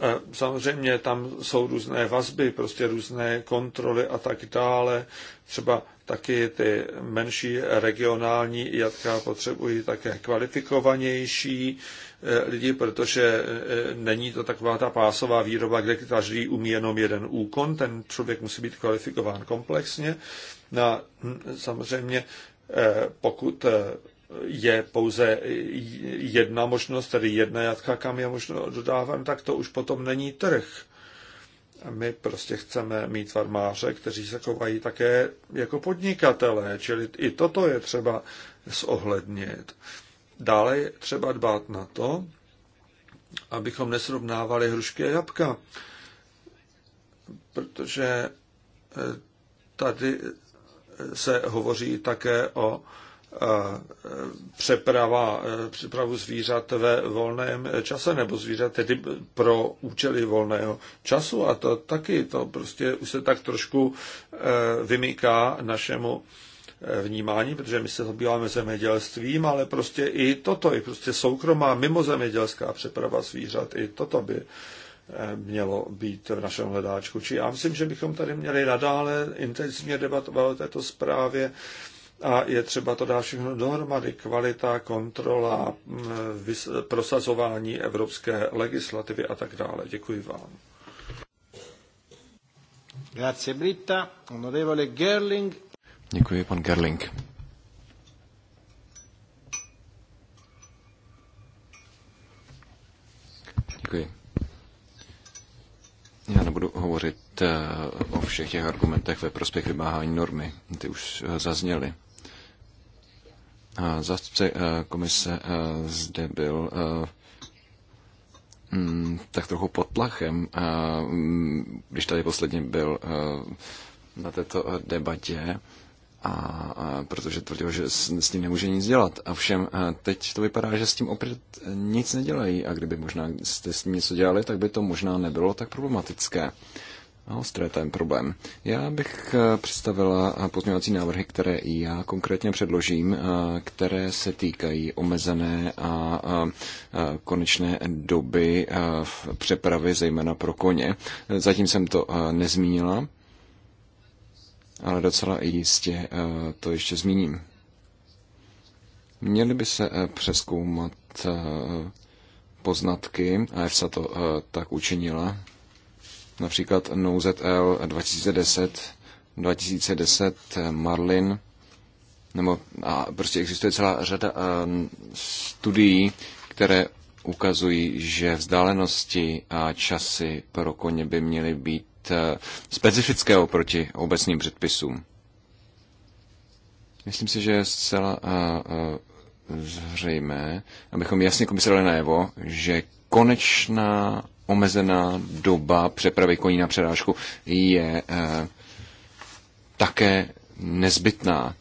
E, samozřejmě tam jsou různé vazby, prostě různé kontroly a tak dále. Třeba Taky ty menší regionální jatka potřebují také kvalifikovanější eh, lidi, protože eh, není to taková ta pásová výroba, kde každý umí jenom jeden úkon, ten člověk musí být kvalifikován komplexně. No, hm, samozřejmě, eh, pokud je pouze jedna možnost, tedy jedna jatka, kam je možno dodávat, no tak to už potom není trh. My prostě chceme mít farmáře, kteří se chovají také jako podnikatelé, čili i toto je třeba zohlednit. Dále je třeba dbát na to, abychom nesrovnávali hrušky a jabka, protože eh, tady se hovoří také o E, přeprava, e, přepravu zvířat ve volném čase nebo zvířat tedy pro účely volného času a to taky, to prostě už se tak trošku e, vymyká našemu vnímání, protože my se zabýváme zemědělstvím, ale prostě i toto, i prostě soukromá mimozemědělská přeprava zvířat, i toto by mělo být v našem hledáčku. Či já myslím, že bychom tady měli nadále intenzivně debatovat o této zprávě, a je třeba to dát všechno dohromady. Kvalita, kontrola, mm, prosazování evropské legislativy a tak dále.
Děkuji vám. Grazie Britta.
Onorevole Gerling.
Děkuji, pan Gerling. Děkuji. Já nebudu hovořit eh, o všech těch argumentech ve prospěch vymáhání normy. Ty už eh, zazněly. Zástupce eh, komise eh, zde byl eh, mm, tak trochu pod tlachem, mm, když tady posledně byl na této debatě, a, protože tvrdil, že s, tím ním nemůže nic dělat. A všem teď to vypadá, že s tím opět nic nedělají a kdyby možná jste s tím něco dělali, tak by to možná nebylo tak problematické. No, ostré ten problém. Já bych eh, představila eh, pozměňovací návrhy, které i já konkrétně předložím, eh, které se týkají omezené a konečné doby v přepravy, zejména pro koně. Zatím jsem to nezmínila, ale docela jistě to ještě zmíním. Měly by se přeskoumat poznatky, a EFSA to tak učinila, například NoZL 2010, 2010 Marlin, nebo a prostě existuje celá řada eh, studií, které ukazují, že vzdálenosti a časy pro koně by měly být eh, specifické oproti obecným předpisům. Myslím si, že je zcela eh, zřejmé, abychom jasně komisovali najevo, že konečná omezená doba přepravy koní na přerážku je eh, také nezbytná.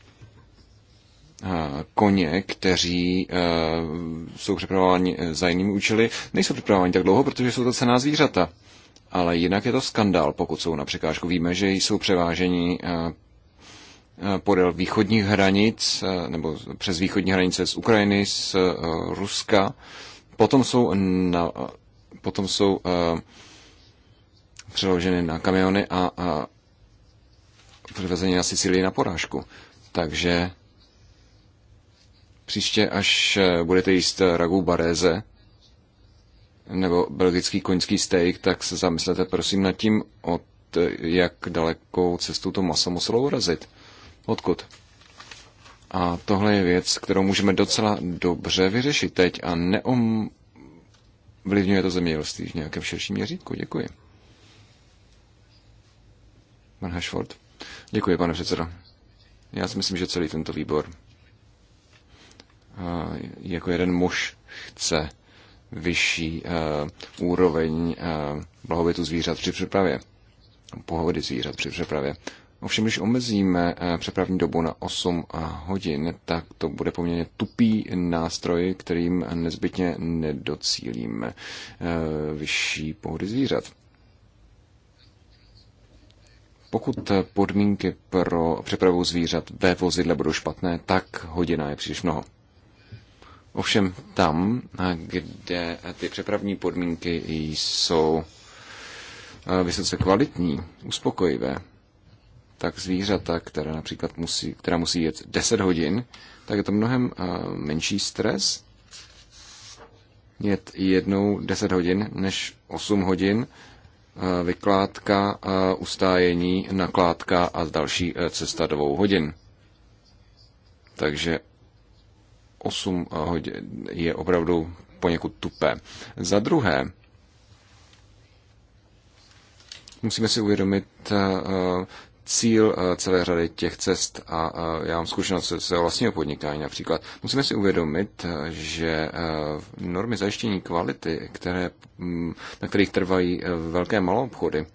Eh, koně, kteří eh, jsou přepravováni za jinými účely, nejsou přepravováni tak dlouho, protože jsou to cená zvířata. Ale jinak je to skandál, pokud jsou na překážku. Víme, že jsou převáženi podél východních hranic, nebo přes východní hranice z Ukrajiny, z Ruska. Potom jsou na potom jsou eh, přeloženy na kamiony a, a přivezeny na Sicílii na porážku. Takže příště, až eh, budete jíst ragu baréze nebo belgický koňský steak, tak se zamyslete prosím nad tím, od eh, jak dalekou cestu to maso muselo urazit. Odkud? A tohle je věc, kterou můžeme docela dobře vyřešit teď a neom, vlivňuje to zemědělství v nějakém širším měřítku. Děkuji. Pan Hashford. Děkuji, pane předsedo. Já si myslím, že celý tento výbor eh, jako jeden muž chce vyšší uh, úroveň uh, blahobytu zvířat při přepravě, pohody zvířat při přepravě. Ovšem, když omezíme eh, přepravní dobu na 8 eh, hodin, tak to bude poměrně tupý nástroj, kterým nezbytně nedocílíme eh, vyšší pohody zvířat. Pokud podmínky pro přepravu zvířat ve vozidle budou špatné, tak hodina je příliš mnoho. Ovšem tam, kde ty přepravní podmínky jsou vysoce kvalitní, uspokojivé, tak zvířata, která například musí, která musí jet 10 hodin, tak je to mnohem eh, menší stres jet jednou 10 hodin než 8 hodin eh, vykládka, eh, ustájení, nakládka a další cesta dvou hodin. Takže 8 hodin je opravdu poněkud tupé. Za druhé, musíme si uvědomit cíl eh, celé řady těch cest a eh, já mám zkušenost se vlastního podnikání například. Musíme si uvědomit, eh, že normy zajištění kvality, které, mm, na kterých trvají velké malou obchody,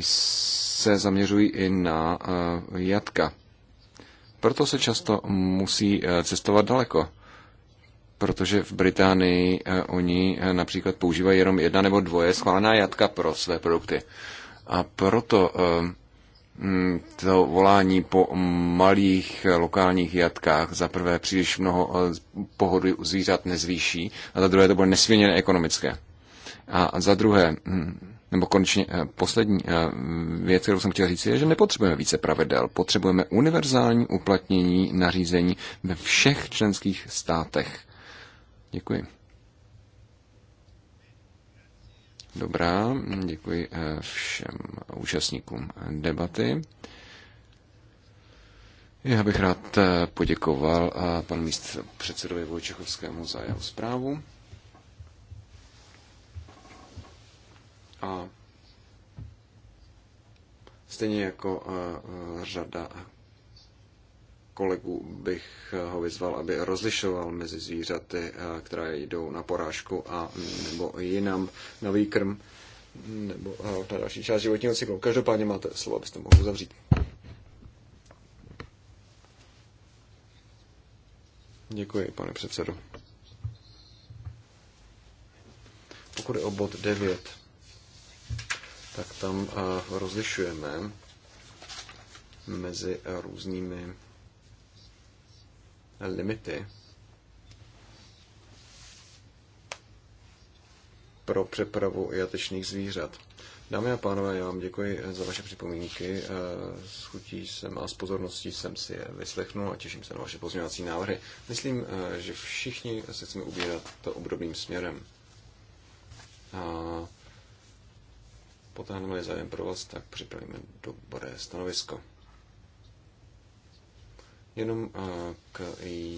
se zaměřují i na jatka. Proto se často musí cestovat daleko protože v Británii oni například používají jenom jedna nebo dvoje schválená jatka pro své produkty. A proto eh, mm, to volání po malých lokálních jatkách za prvé příliš mnoho eh, u zvířat nezvýší a za druhé to bude nesmírně ekonomické. A za druhé, hm, nebo konečně eh, poslední věc, kterou jsem chtěl říct, je, že nepotřebujeme více pravidel. Potřebujeme univerzální uplatnění nařízení ve všech členských státech. Děkuji. Dobrá, děkuji eh, všem účastníkům debaty. Já bych rád eh, poděkoval eh, panu míst předsedovi Vojčechovskému za jeho zprávu. A stejně jako řada kolegu bych eh, ho vyzval, aby rozlišoval mezi zvířaty, eh, která jdou na porážku a nebo jinam na výkrm nebo na eh, další část životního cyklu. Každopádně máte slovo, abyste mohli zavřít. Děkuji, pane předsedo. Pokud je o bod 9, tak tam rozlišujeme mezi různými limity pro přepravu jatečných zvířat. Dámy a pánové, já vám děkuji za vaše připomínky. Eh, s chutí jsem a s pozorností jsem si je vyslechnul a těším se na vaše pozměňovací návrhy. Myslím, eh, že všichni se chceme ubírat to obdobným směrem. A potáhneme zájem pro vás, tak připravíme dobré stanovisko. Jenom eh, k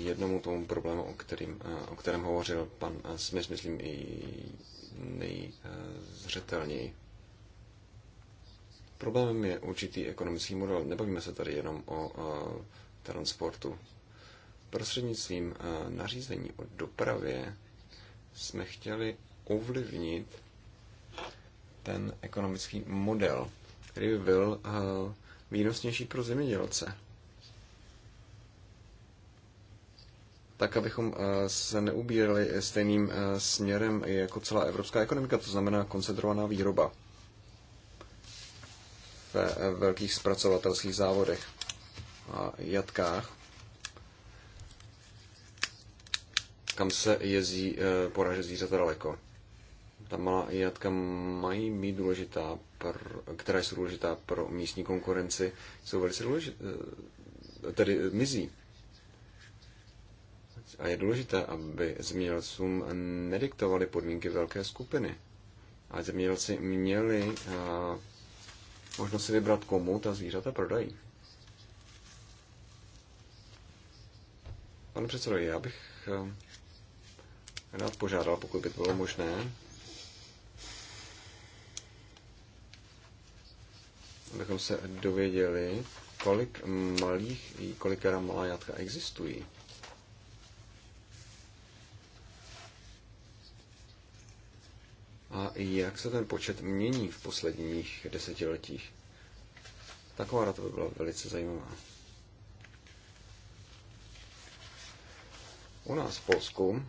jednomu tomu problému, o, kterým, eh, o kterém hovořil pan eh, Smith, myslím i nejzřetelněji. Problémem je určitý ekonomický model. Nebavíme se tady jenom o transportu. Prostřednictvím nařízení o dopravě jsme chtěli ovlivnit ten ekonomický model, který by byl výnosnější pro zemědělce. tak abychom eh, se neubírali stejným eh, směrem jako celá evropská ekonomika, to znamená koncentrovaná výroba ve eh, velkých zpracovatelských závodech a jatkách, kam se jezdí poraže zvířata daleko. Ta malá jatka mají být důležitá, která jsou důležitá pro místní konkurenci, jsou velice důležitá, tedy mizí a je důležité, aby zemědělcům nediktovaly podmínky velké skupiny. A zemědělci měli možnost si vybrat, komu ta zvířata prodají. Pane předsedo, já bych rád požádal, pokud by to bylo možné, abychom se dověděli, kolik malých, i kolikera malá jatka existují. a jak se ten počet mění v posledních desetiletích. Taková data by byla velice zajímavá. U nás v Polsku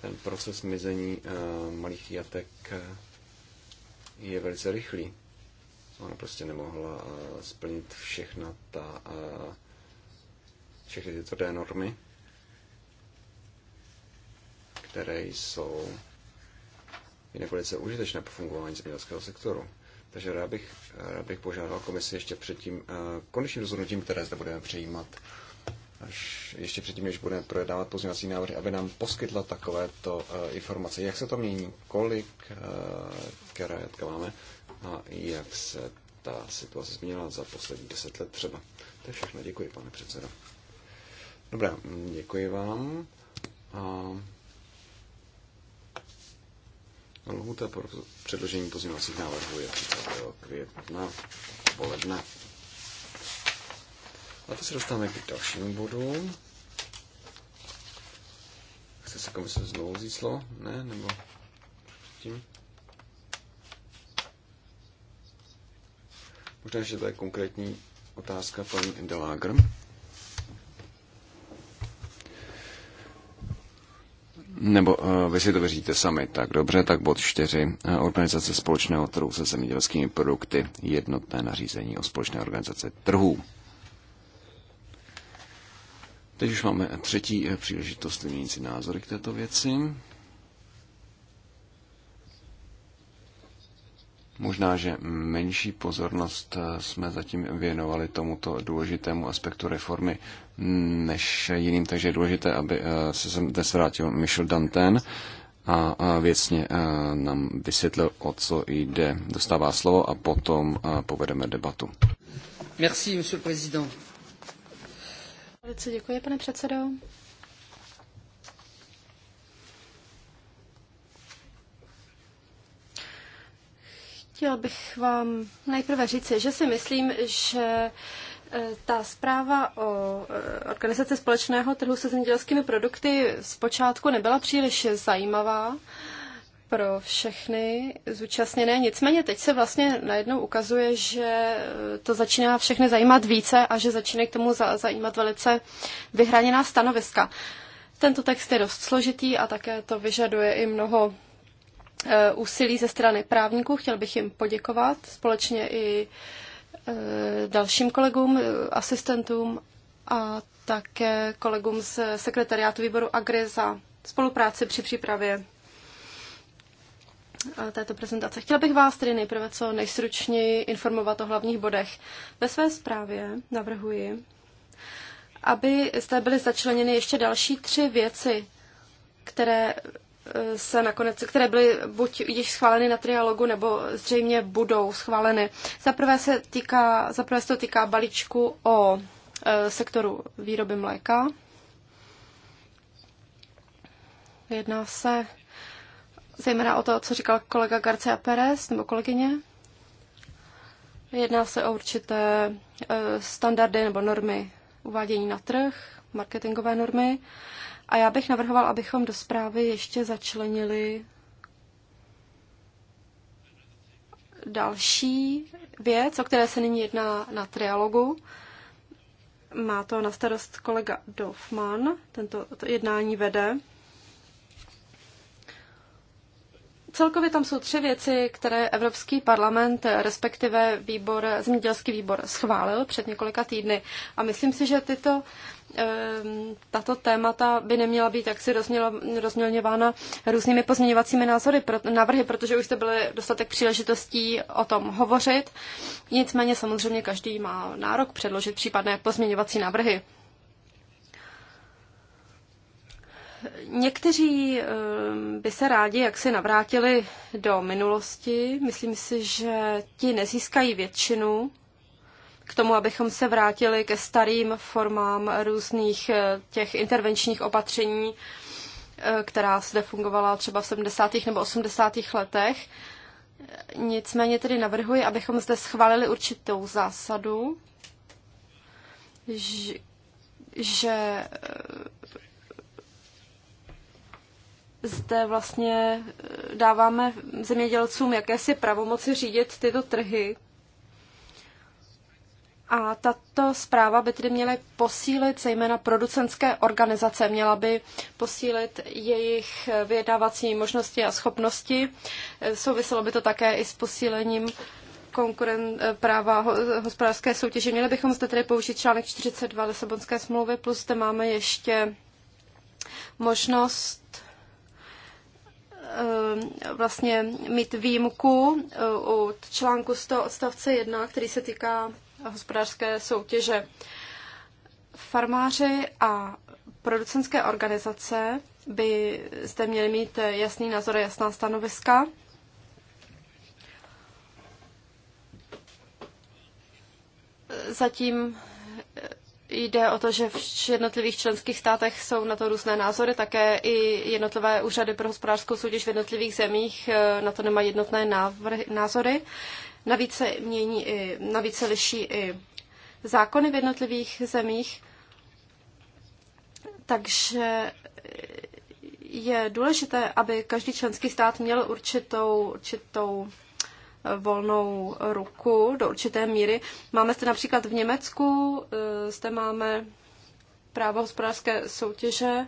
ten proces mizení eh, malých jatek eh, je velice rychlý. Ona prostě nemohla eh, splnit všechna ta, všechny ty tvrdé normy, které jsou jinak velice užitečné pro fungování zemědělského sektoru. Takže rád bych, rád bych požádal komisi ještě před tím eh, konečným rozhodnutím, které zde budeme přijímat, až ještě předtím, než budeme projednávat pozměňovací návrhy, aby nám poskytla takovéto eh, informace, jak se to mění, kolik eh, karetka máme a jak se ta situace změnila za poslední deset let třeba. To je všechno. Děkuji, pane předsedo. Dobrá, děkuji vám. A... Lhůta pro předložení pozměňovacích návrhů je 30. května poledne. A to se dostáváme k dalšímu bodu. Chce se komise znovu zíslo? Ne? Nebo předtím? Možná, že to je konkrétní otázka paní Indelágr. Nebo eh, vy si to věříte sami. Tak dobře, tak bod 4. Eh, organizace společného trhu se zemědělskými produkty. Jednotné nařízení o společné organizaci trhů. Teď už máme třetí eh, příležitost vyměnit si názory k této věci. Možná, že menší pozornost eh, jsme zatím věnovali tomuto důležitému aspektu reformy než jiným, takže je důležité, aby eh, se sem dnes vrátil Michel Danten a věcně eh, nám vysvětlil, o co jde. Dostává slovo a potom povedeme debatu.
Merci, monsieur le président. Velice děkuji, pane předsedo. Chtěl bych vám nejprve říct, že si myslím, že e, ta zpráva o e, organizaci společného trhu se zemědělskými produkty zpočátku nebyla příliš zajímavá pro všechny zúčastněné. Nicméně teď se vlastně najednou ukazuje, že e, to začíná všechny zajímat více a že začíná k tomu zajímat velice vyhraněná stanoviska. Tento text je dost složitý a také to vyžaduje i mnoho Eh, úsilí ze strany právníků. Chtěl bych jim poděkovat společně i eh, dalším kolegům, eh, asistentům a také kolegům z sekretariátu výboru AGRI za spolupráci při přípravě této prezentace. Chtěla bych vás tedy nejprve co nejstručněji informovat o hlavních bodech. Ve své zprávě navrhuji, aby zde byly začleněny ještě další tři věci, které se nakonec, které byly buď již schváleny na trialogu, nebo zřejmě budou schváleny. Zaprvé se, týká, zaprvé se to týká balíčku o e, sektoru výroby mléka. Jedná se zejména o to, co říkal kolega Garcia Pérez nebo kolegyně. Jedná se o určité e, standardy nebo normy uvádění na trh, marketingové normy. A já bych navrhoval, abychom do zprávy ještě začlenili další věc, o které se nyní jedná na trialogu. Má to na starost kolega Dofman, tento to jednání vede. Celkově tam jsou tři věci, které Evropský parlament, respektive výbor, zemědělský výbor schválil před několika týdny. A myslím si, že tyto, ehm, tato témata by neměla být jaksi rozmělňována různými pozměňovacími názory, návrhy, protože už to byly dostatek příležitostí o tom hovořit. Nicméně samozřejmě každý má nárok předložit případné pozměňovací návrhy. Někteří ehm, by se rádi jak si navrátili do minulosti. Myslím si, že ti nezískají většinu k tomu, abychom se vrátili ke starým formám různých eh, těch intervenčních opatření, eh, která zde fungovala třeba v 70. nebo 80. letech. Nicméně tedy navrhuji, abychom zde schválili určitou zásadu, že eh, zde vlastně eh, dáváme zemědělcům jakési pravomoci řídit tyto trhy. A tato zpráva by tedy měla posílit zejména producentské organizace, měla by posílit jejich vyjednávací možnosti a schopnosti. Eh, souviselo by to také i s posílením konkuren, eh, práva hospodářské soutěže. Měli bychom zde tedy použít článek 42 Lisabonské smlouvy, plus zde máme ještě možnost Eh, vlastně mít výjimku eh, od článku 100 odstavce 1, který se týká hospodářské soutěže. Farmáři a producentské organizace by zde měli mít jasný názor a jasná stanoviska. Zatím jde o to, že v jednotlivých členských státech jsou na to různé názory, také i jednotlivé úřady pro hospodářskou soutěž v jednotlivých zemích eh, na to nemají jednotné návrhy, názory. Navíc se, mění i, navíc se liší i zákony v jednotlivých zemích, takže eh, je důležité, aby každý členský stát měl určitou, určitou volnou ruku do určité míry. Máme zde například v Německu, eh, zde máme právo hospodářské soutěže,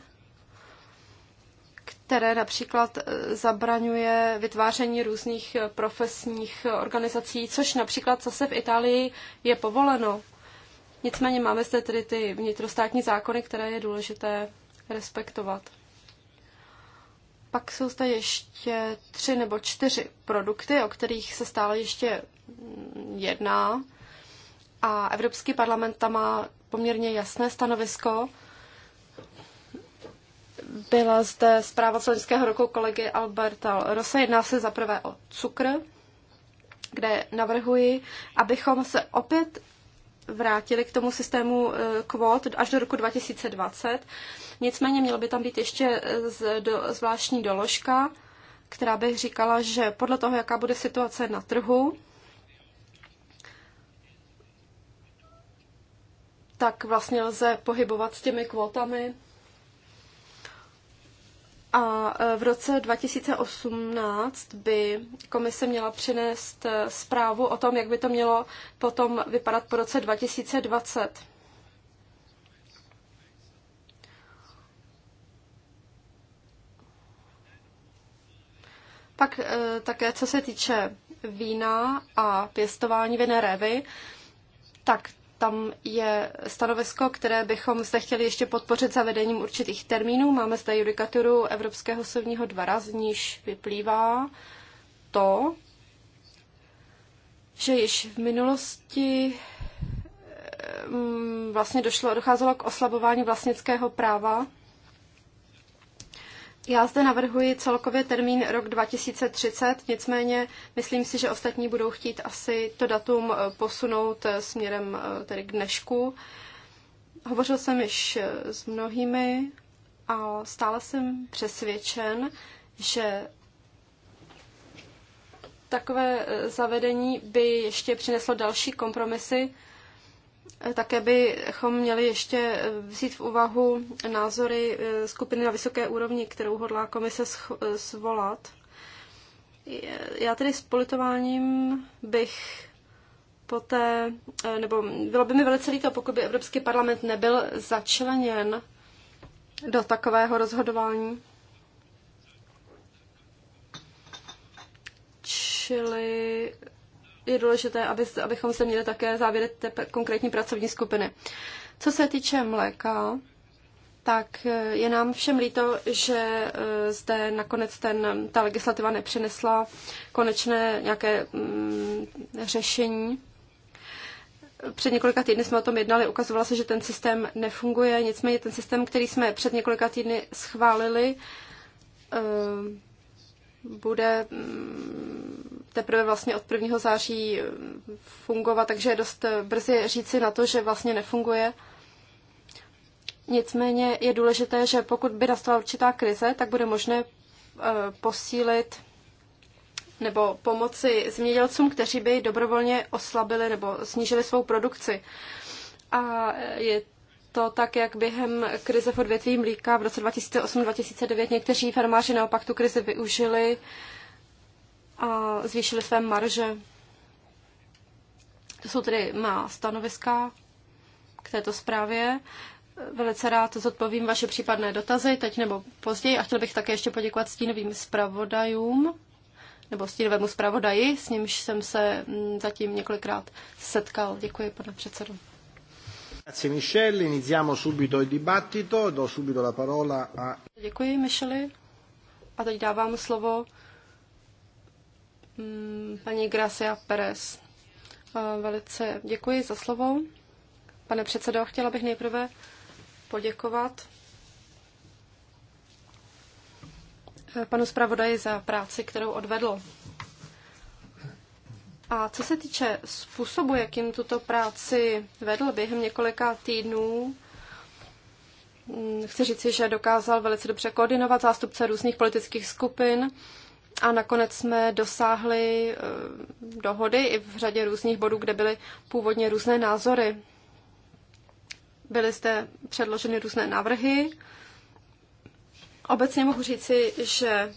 které například eh, zabraňuje vytváření různých eh, profesních organizací, což například zase v Itálii je povoleno. Nicméně máme zde tedy ty vnitrostátní zákony, které je důležité respektovat. Pak jsou zde ještě tři nebo čtyři produkty, o kterých se stále ještě mm, jedná. A Evropský parlament tam má poměrně jasné stanovisko. Byla zde zpráva z loňského roku kolegy Alberta Rose. Jedná se zaprvé o cukr, kde navrhuji, abychom se opět vrátili k tomu systému e, kvót až do roku 2020. Nicméně mělo by tam být ještě e, z, do, zvláštní doložka, která by říkala, že podle toho, jaká bude situace na trhu, tak vlastně lze pohybovat s těmi kvótami a e, v roce 2018 by komise měla přinést e, zprávu o tom, jak by to mělo potom vypadat po roce 2020. Pak e, také, co se týče vína a pěstování vinné révy, tak tam je stanovisko, které bychom se chtěli ještě podpořit zavedením určitých termínů. Máme zde judikaturu Evropského soudního dvora, z níž vyplývá to, že již v minulosti mm, vlastně došlo, docházelo k oslabování vlastnického práva já zde navrhuji celkově termín rok 2030, nicméně myslím si, že ostatní budou chtít asi to datum eh, posunout eh, směrem eh, tedy k dnešku. Hovořil jsem již s mnohými a stále jsem přesvědčen, že takové zavedení by ještě přineslo další kompromisy, také bychom měli ještě vzít v úvahu názory eh, skupiny na vysoké úrovni, kterou hodlá komise svolat. Eh, Já tedy s politováním bych poté, eh, nebo bylo by mi velice líto, pokud by Evropský parlament nebyl začleněn do takového rozhodování. Čili je důležité, aby, abychom se měli také závěry té konkrétní pracovní skupiny. Co se týče mléka, tak eh, je nám všem líto, že eh, zde nakonec ten, ta legislativa nepřinesla konečné nějaké mm, řešení. Před několika týdny jsme o tom jednali, ukazovalo se, že ten systém nefunguje, nicméně ten systém, který jsme před několika týdny schválili, eh, bude mm, teprve vlastně od 1. září eh, fungovat, takže je dost eh, brzy říci na to, že vlastně nefunguje. Nicméně je důležité, že pokud by nastala určitá krize, tak bude možné eh, posílit nebo pomoci zemědělcům, kteří by dobrovolně oslabili nebo snížili svou produkci. A je to tak, jak během krize v odvětví mlíka v roce 2008-2009 někteří farmáři naopak tu krizi využili a zvýšili své marže. To jsou tedy má stanoviska k této zprávě. Velice rád zodpovím vaše případné dotazy, teď nebo později. A chtěl bych také ještě poděkovat stínovým zpravodajům, nebo stínovému zpravodaji, s nímž jsem se mm, zatím několikrát setkal. Děkuji, pane předsedo.
Grazie Michelle, iniziamo subito il dibattito, do subito la parola a...
Děkuji Michele a teď dávám slovo Mm, paní Gracia Perez. Velice děkuji za slovo. Pane předsedo, chtěla bych nejprve poděkovat eh, panu zpravodaji za práci, kterou odvedl. A co se týče způsobu, jakým tuto práci vedl během několika týdnů, mm, chci říci, že dokázal velice dobře koordinovat zástupce různých politických skupin, a nakonec jsme dosáhli eh, dohody i v řadě různých bodů, kde byly původně různé názory. Byly zde předloženy různé návrhy. Obecně mohu říci, že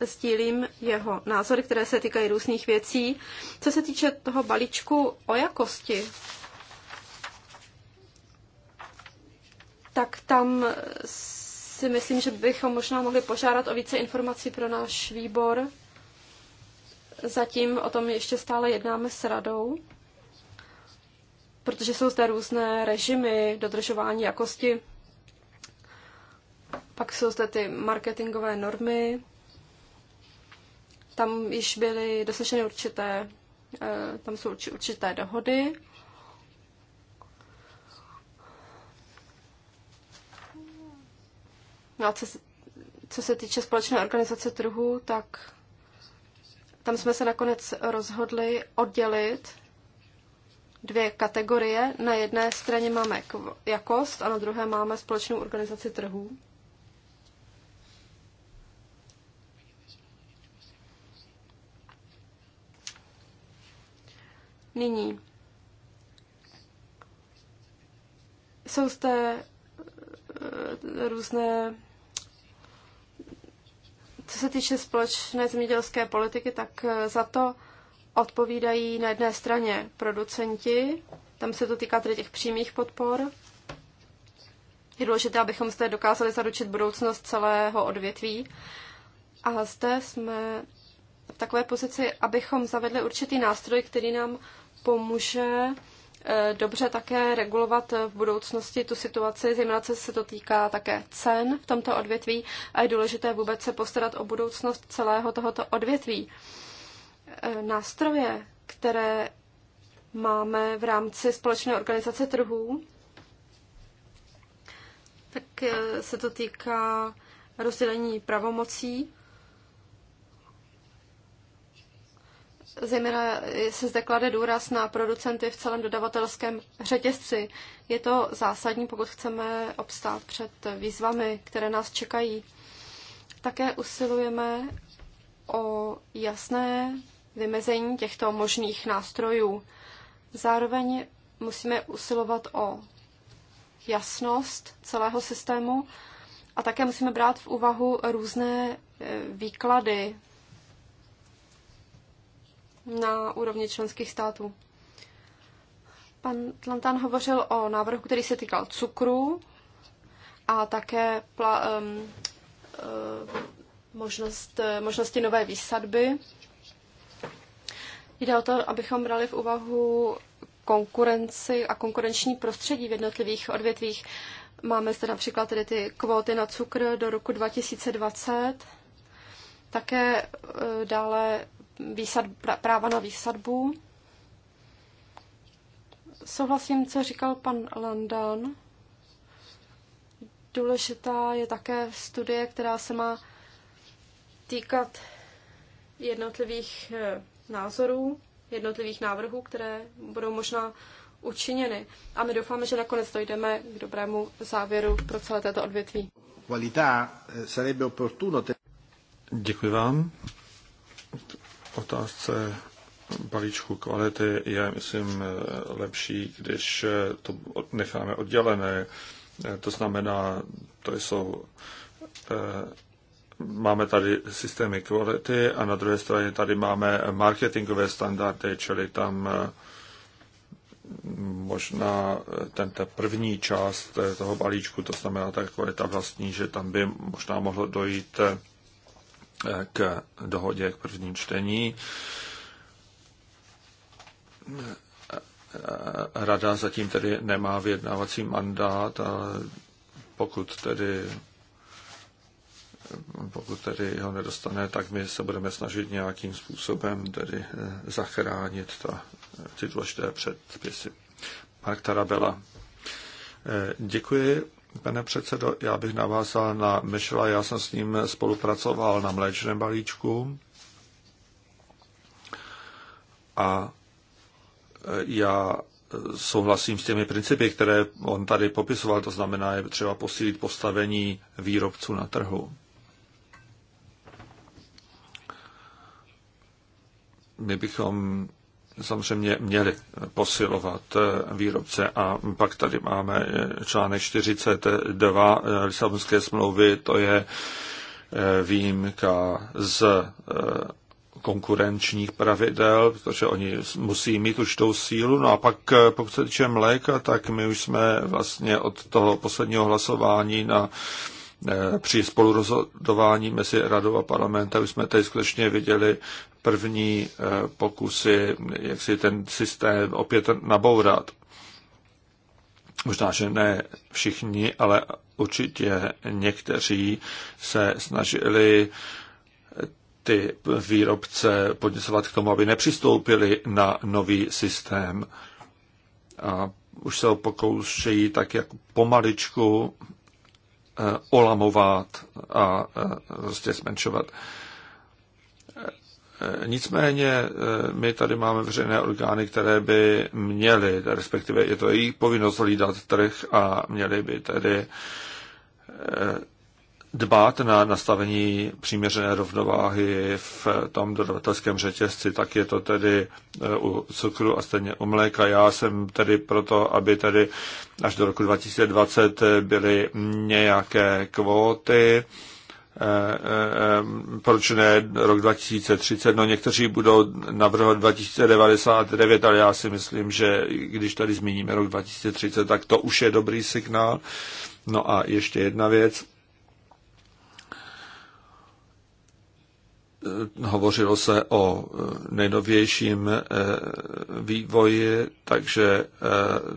sdílím jeho názory, které se týkají různých věcí. Co se týče toho balíčku o jakosti, tak tam si myslím, že bychom možná mohli požádat o více informací pro náš výbor. Zatím o tom ještě stále jednáme s radou, protože jsou zde různé režimy dodržování jakosti. Pak jsou zde ty marketingové normy. Tam již byly dosaženy určité, eh, tam jsou určité dohody. No a co, co se týče společné organizace trhu, tak tam jsme se nakonec rozhodli oddělit dvě kategorie. Na jedné straně máme jakost a na druhé máme společnou organizaci trhů. Nyní jsou zde eh, různé co se týče společné zemědělské politiky, tak eh, za to odpovídají na jedné straně producenti, tam se to týká tedy těch přímých podpor. Je důležité, abychom zde dokázali zaručit budoucnost celého odvětví. A zde jsme v takové pozici, abychom zavedli určitý nástroj, který nám pomůže Eh, dobře také regulovat v budoucnosti tu situaci, zejména co se to týká také cen v tomto odvětví a je důležité vůbec se postarat o budoucnost celého tohoto odvětví. Eh, nástroje, které máme v rámci společné organizace trhů, tak eh, se to týká rozdělení pravomocí Zejména se zde klade důraz na producenty v celém dodavatelském řetězci. Je to zásadní, pokud chceme obstát před výzvami, které nás čekají. Také usilujeme o jasné vymezení těchto možných nástrojů. Zároveň musíme usilovat o jasnost celého systému a také musíme brát v úvahu různé e, výklady na úrovni členských států. Pan Tlantán hovořil o návrhu, který se týkal cukru a také pla, um, um, možnost, možnosti nové výsadby. Jde o to, abychom brali v úvahu konkurenci a konkurenční prostředí v jednotlivých odvětvích. Máme zde například tedy ty kvóty na cukr do roku 2020. Také eh, dále výsad, práva na výsadbu. Souhlasím, co říkal pan Landan. Důležitá je také studie, která se má týkat jednotlivých eh, názorů, jednotlivých návrhů, které budou možná učiněny. A my doufáme, že nakonec dojdeme k dobrému závěru pro celé této odvětví.
Kvalita eh, sarebbe Děkuji vám otázce balíčku kvality je, myslím, lepší, když to necháme oddělené. To znamená, to jsou eh, máme tady systémy kvality a na druhé straně tady máme marketingové standardy, čili tam eh, možná eh, ten, první část toho balíčku, to znamená ta kvalita vlastní, že tam by možná mohlo dojít k dohodě k prvním čtení. Rada zatím tedy nemá vyjednávací mandát a pokud tedy pokud tedy ho nedostane, tak my se budeme snažit nějakým způsobem tedy eh, zachránit ta, ty důležité předpisy. Mark Tarabela. Eh, děkuji, pane předsedo. Já bych navázal na Michela, já jsem s ním spolupracoval na mléčném balíčku. A já souhlasím s těmi principy, které on tady popisoval, to znamená, je třeba posílit postavení výrobců na trhu. My bychom samozřejmě měli posilovat eh, výrobce. A pak tady máme eh, článek 42 eh, Lisabonské smlouvy, to je výjimka z konkurenčních pravidel, protože oni musí mít určitou sílu. No a pak, pokud se týče mléka, tak my už jsme vlastně od toho posledního hlasování na Eh, při spolurozhodování mezi radou a parlamentem jsme tady skutečně viděli první eh, pokusy, jak si ten systém opět nabourat. Možná, že ne všichni, ale určitě někteří se snažili ty výrobce podněcovat k tomu, aby nepřistoupili na nový systém. A už se ho pokoušejí tak jak pomaličku Eh, olamovat a eh, prostě zmenšovat. Eh, nicméně my tady máme veřejné orgány, které by měly, respektive je to jejich povinnost hlídat trh a měly by tedy dbát na nastavení přiměřené rovnováhy v tom dodavatelském řetězci, tak je to tedy eh, u cukru a stejně u mléka. Já jsem tedy proto, aby tedy až do roku 2020 byly nějaké kvóty, eh, eh, proč ne rok 2030, no někteří budou navrhovat 2099, ale já si myslím, že když tady zmíníme rok 2030, tak to už je dobrý signál. No a ještě jedna věc, hovořilo se o e, nejnovějším e, vývoji, takže e,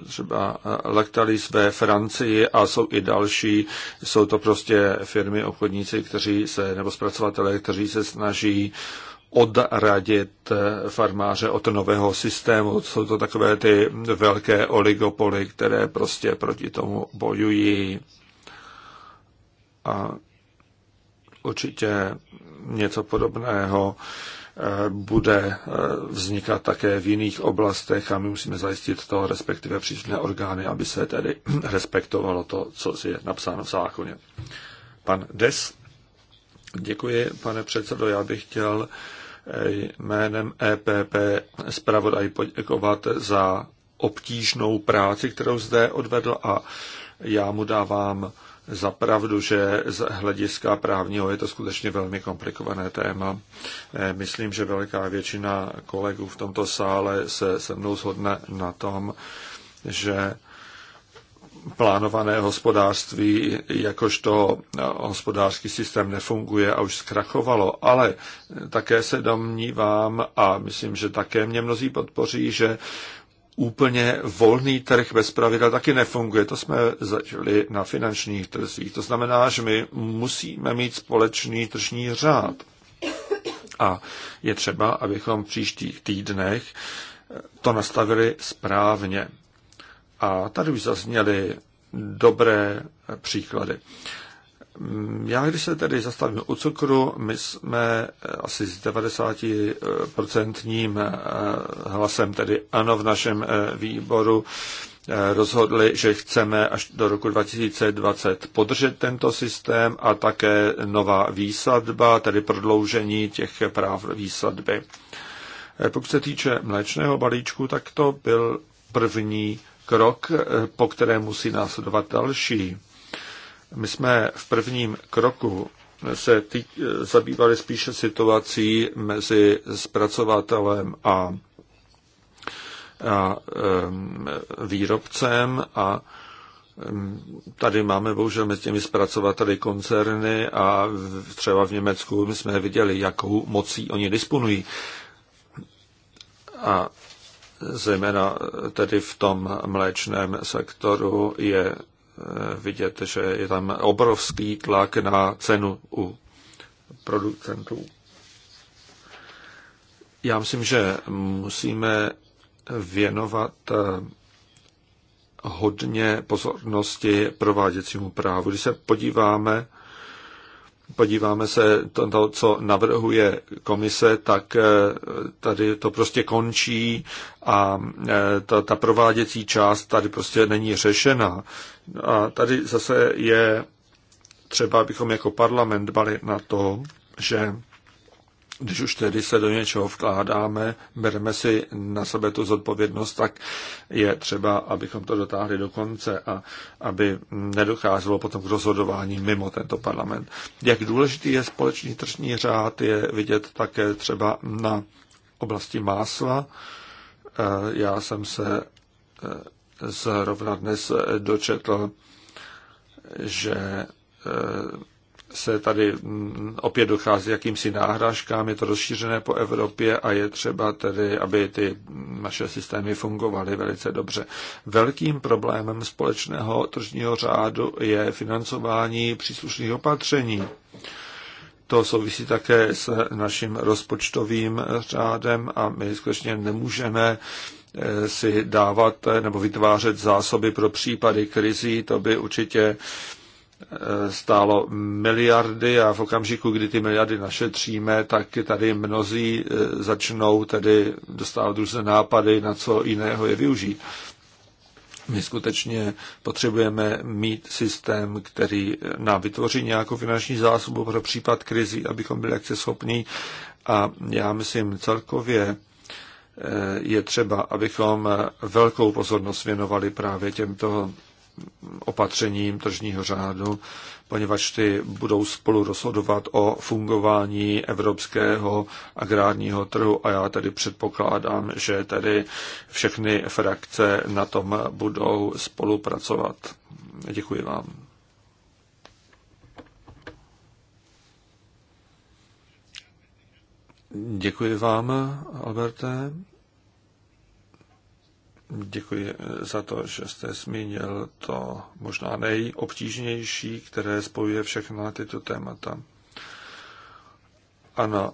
třeba Lactalis ve Francii a jsou i další. Jsou to prostě firmy, obchodníci, kteří se, nebo zpracovatelé, kteří se snaží odradit farmáře od nového systému. Jsou to takové ty velké oligopoly, které prostě proti tomu bojují. A určitě něco podobného eh, bude eh, vznikat také v jiných oblastech a my musíme zajistit to, respektive příslušné orgány, aby se tedy respektovalo to, co je napsáno v zákoně. Pan Des. Děkuji, pane předsedo. Já bych chtěl eh, jménem EPP zpravodaj poděkovat za obtížnou práci, kterou zde odvedl a já mu dávám za pravdu, že z hlediska právního je to skutečně velmi komplikované téma. Eh, myslím, že velká většina kolegů v tomto sále se se mnou shodne na tom, že plánované hospodářství, jakožto hospodářský systém nefunguje a už zkrachovalo, ale také se domnívám a myslím, že také mě mnozí podpoří, že úplně volný trh bez pravidel taky nefunguje. To jsme začali na finančních trzích. To znamená, že my musíme mít společný tržní řád. A je třeba, abychom v příštích týdnech to nastavili správně. A tady už zazněly dobré příklady. Já, když se tedy zastavím u cukru, my jsme eh, asi s 90% eh, hlasem, tedy ano v našem eh, výboru, rozhodli, že chceme až do roku 2020 podržet tento systém a také nová výsadba, tedy prodloužení těch práv výsadby. Pokud se týče mléčného balíčku, tak to byl první krok, po kterém musí následovat další. My jsme v prvním kroku se tý, zabývali spíše situací mezi zpracovatelem a, a e, výrobcem a Tady máme bohužel mezi těmi zpracovateli koncerny a třeba v Německu my jsme viděli, jakou mocí oni disponují. A zejména tedy v tom mléčném sektoru je vidět, že je tam obrovský tlak na cenu u producentů. Já myslím, že musíme věnovat eh, hodně pozornosti prováděcímu právu. Když se podíváme podíváme se to, co navrhuje komise, tak eh, tady to prostě končí a eh, ta, ta prováděcí část tady prostě není řešena. A tady zase je třeba, abychom jako parlament dbali na to, že když už tedy se do něčeho vkládáme, bereme si na sebe tu zodpovědnost, tak je třeba, abychom to dotáhli do konce a aby nedocházelo potom k rozhodování mimo tento parlament. Jak důležitý je společný tržní řád, je vidět také třeba na oblasti másla. Eh, já jsem se eh, zrovna dnes eh, dočetl, že se tady mm, opět dochází jakýmsi náhražkám, je to rozšířené po Evropě a je třeba tedy, aby ty naše systémy fungovaly velice dobře. Velkým problémem společného tržního řádu je financování příslušných opatření. To souvisí také s naším rozpočtovým řádem a my skutečně nemůžeme eh, si dávat eh, nebo vytvářet zásoby pro případy krizí, to by určitě Eh, stálo miliardy a v okamžiku, kdy ty miliardy našetříme, tak tady mnozí eh, začnou tedy dostávat různé nápady, na co jiného je využít. My skutečně potřebujeme mít systém, který nám vytvoří nějakou finanční zásobu pro případ krizi, abychom byli schopní. A já myslím celkově eh, je třeba, abychom velkou pozornost věnovali právě těmto opatřením tržního řádu, poněvadž ty budou spolu rozhodovat o fungování evropského agrárního trhu a já tedy předpokládám, že tedy všechny frakce na tom budou spolupracovat. Děkuji vám. Děkuji vám, Alberte. Děkuji eh, za to, že jste zmínil to možná nejobtížnější, které spojuje všechna tyto témata. Ano,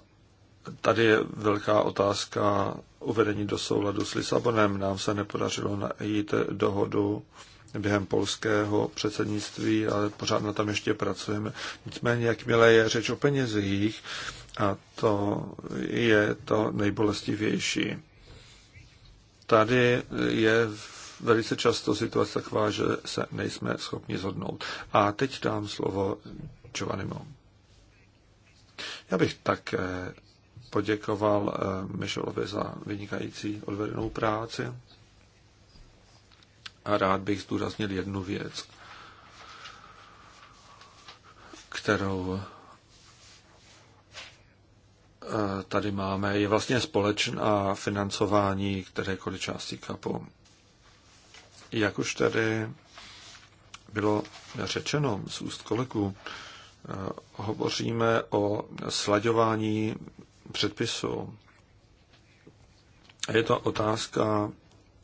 tady je velká otázka uvedení do souladu s Lisabonem. Nám se nepodařilo najít dohodu během polského předsednictví, ale pořád na tom ještě pracujeme. Nicméně, jakmile je řeč o penězích, a to je to nejbolestivější tady je velice často situace taková, že se nejsme schopni zhodnout. A teď dám slovo Giovannimu. Já bych tak poděkoval eh, Michelovi za vynikající odvedenou práci a rád bych zdůraznil jednu věc, kterou Eh, tady máme, je vlastně společná financování kterékoliv části kapu. Jak už tady bylo řečeno z úst kolegů, eh, hovoříme o slaďování předpisů. Je to otázka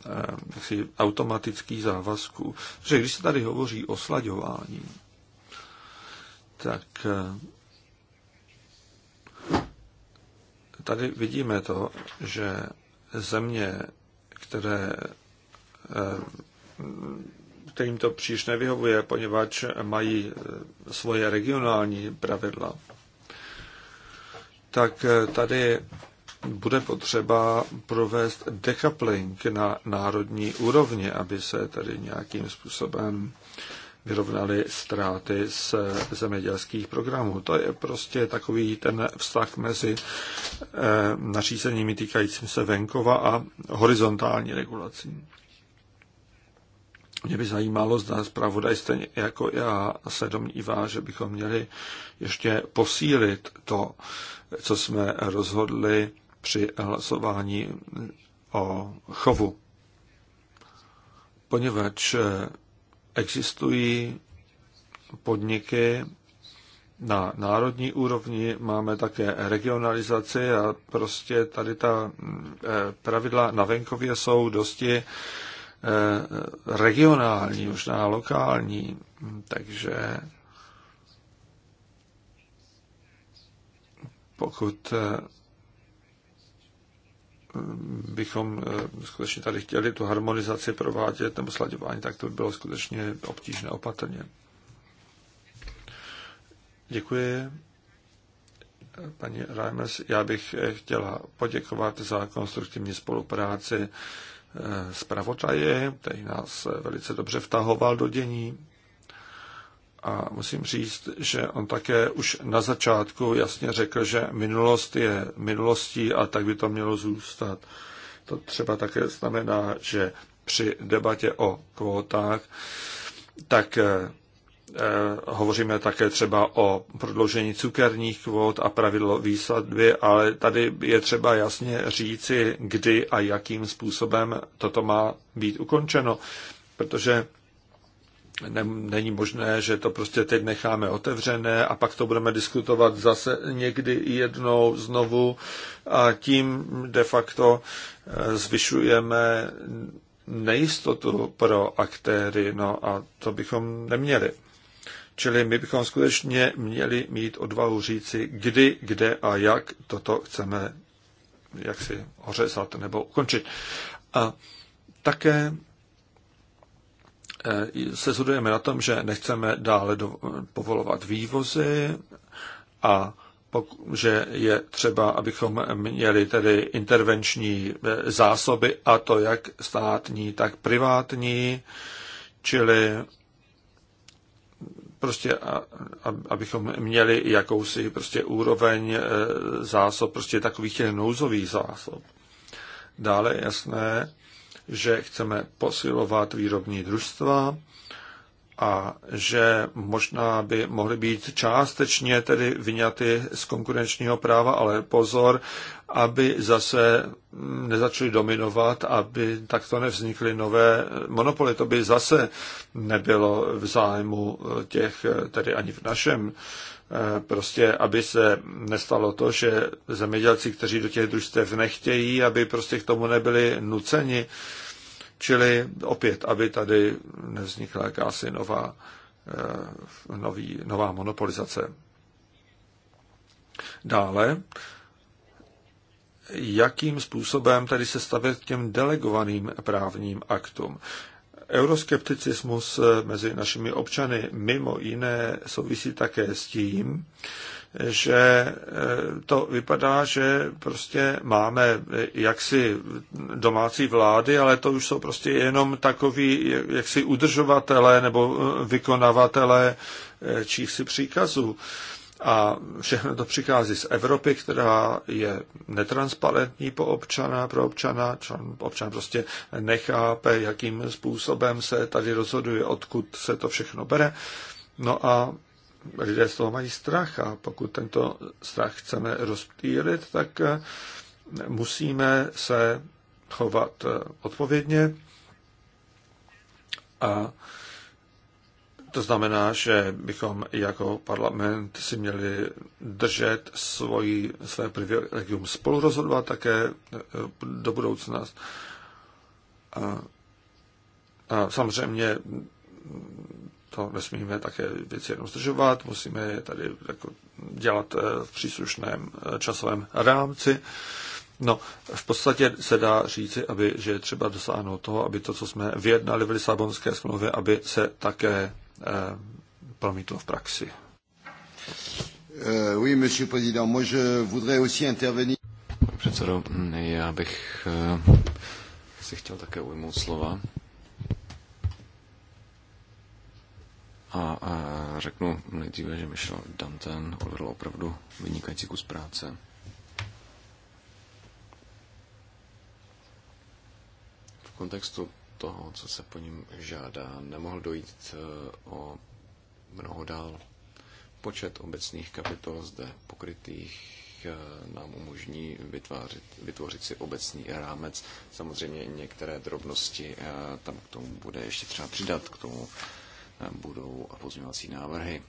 eh, jaksi, automatických závazků. že když se tady hovoří o slaďování, tak tady vidíme to, že země, které eh, kterým to příliš nevyhovuje, poněvadž mají eh, svoje regionální pravidla, tak eh, tady bude potřeba provést decoupling na národní úrovni, aby se tady nějakým způsobem vyrovnali ztráty z zemědělských programů. To je prostě takový ten vztah mezi eh, nařízeními týkajícím se venkova a horizontální regulací. Mě by zajímalo, zda zpravodaj stejně jako já se domnívá, že bychom měli ještě posílit to, co jsme rozhodli při hlasování o chovu. Poněvadž eh, Existují podniky na národní úrovni, máme také regionalizaci a prostě tady ta mm, eh, pravidla na venkově jsou dosti eh, regionální, možná lokální, takže pokud eh, bychom eh, skutečně tady chtěli tu harmonizaci provádět nebo sladěvání, tak to by bylo skutečně obtížné opatrně. Děkuji. Pani Reimes, já bych eh, chtěla poděkovat za konstruktivní spolupráci s eh, pravotaje, který nás velice dobře vtahoval do dění. A musím říct, že on také už na začátku jasně řekl, že minulost je minulostí a tak by to mělo zůstat. To třeba také znamená, že při debatě o kvótách, tak eh, eh, hovoříme také třeba o prodloužení cukerních kvót a pravidlo výsadby, ale tady je třeba jasně říci, kdy a jakým způsobem toto má být ukončeno, protože není možné, že to prostě teď necháme otevřené a pak to budeme diskutovat zase někdy jednou znovu a tím de facto eh, zvyšujeme nejistotu pro aktéry, no a to bychom neměli. Čili my bychom skutečně měli mít odvahu říci, kdy, kde a jak toto chceme jak si ořezat nebo ukončit. A také Eh, se shodujeme na tom, že nechceme dále do, povolovat vývozy a že je třeba, abychom měli tedy intervenční eh, zásoby, a to jak státní, tak privátní, čili prostě abychom měli jakousi prostě úroveň eh, zásob, prostě takových těch nouzových zásob. Dále jasné, že chceme posilovat výrobní družstva a že možná by mohly být částečně tedy vyňaty z konkurenčního práva, ale pozor, aby zase nezačaly dominovat, aby takto nevznikly nové monopoly. To by zase nebylo v zájmu těch, tedy ani v našem Eh, prostě, aby se nestalo to, že zemědělci, kteří do těch družstev nechtějí, aby prostě k tomu nebyli nuceni, čili opět, aby tady nevznikla jakási nová, eh, nový, nová monopolizace. Dále, jakým způsobem tady se stavět k těm delegovaným právním aktům. Euroskepticismus mezi našimi občany mimo jiné souvisí také s tím, že eh, to vypadá, že prostě máme eh, jaksi domácí vlády, ale to už jsou prostě jenom takový eh, jaksi udržovatelé nebo vykonavatele čísi příkazů. A všechno to přichází z Evropy, která je netransparentní po občana, pro občana. Občan prostě nechápe, jakým způsobem se tady rozhoduje, odkud se to všechno bere. No a lidé z toho mají strach a pokud tento strach chceme rozptýlit, tak eh, musíme se chovat eh, odpovědně a to znamená, že bychom jako parlament si měli držet svoji, své privilegium rozhodovat také eh, do budoucna. A, a samozřejmě to nesmíme také věci jenom zdržovat, musíme je tady jako dělat eh, v příslušném eh, časovém rámci. No, v podstatě se dá říci, aby, že je třeba dosáhnout toho, aby to, co jsme vyjednali v Lisabonské smlouvě, aby se také Eh,
promítlo v praxi. Uh, oui, monsieur président, moi je voudrais aussi intervenir. Předsedo, já bych uh, si chtěl také ujmout slova. A, a řeknu nejdříve, že Michel Danten odvedl opravdu vynikající kus práce. V kontextu toho, co se po ním žádá, nemohl dojít eh, o mnoho dál. Počet obecných kapitol zde pokrytých eh, nám umožní vytvářit, vytvořit si obecný rámec. Samozřejmě některé drobnosti eh, tam k tomu bude ještě třeba přidat, k tomu budou pozměňovací návrhy.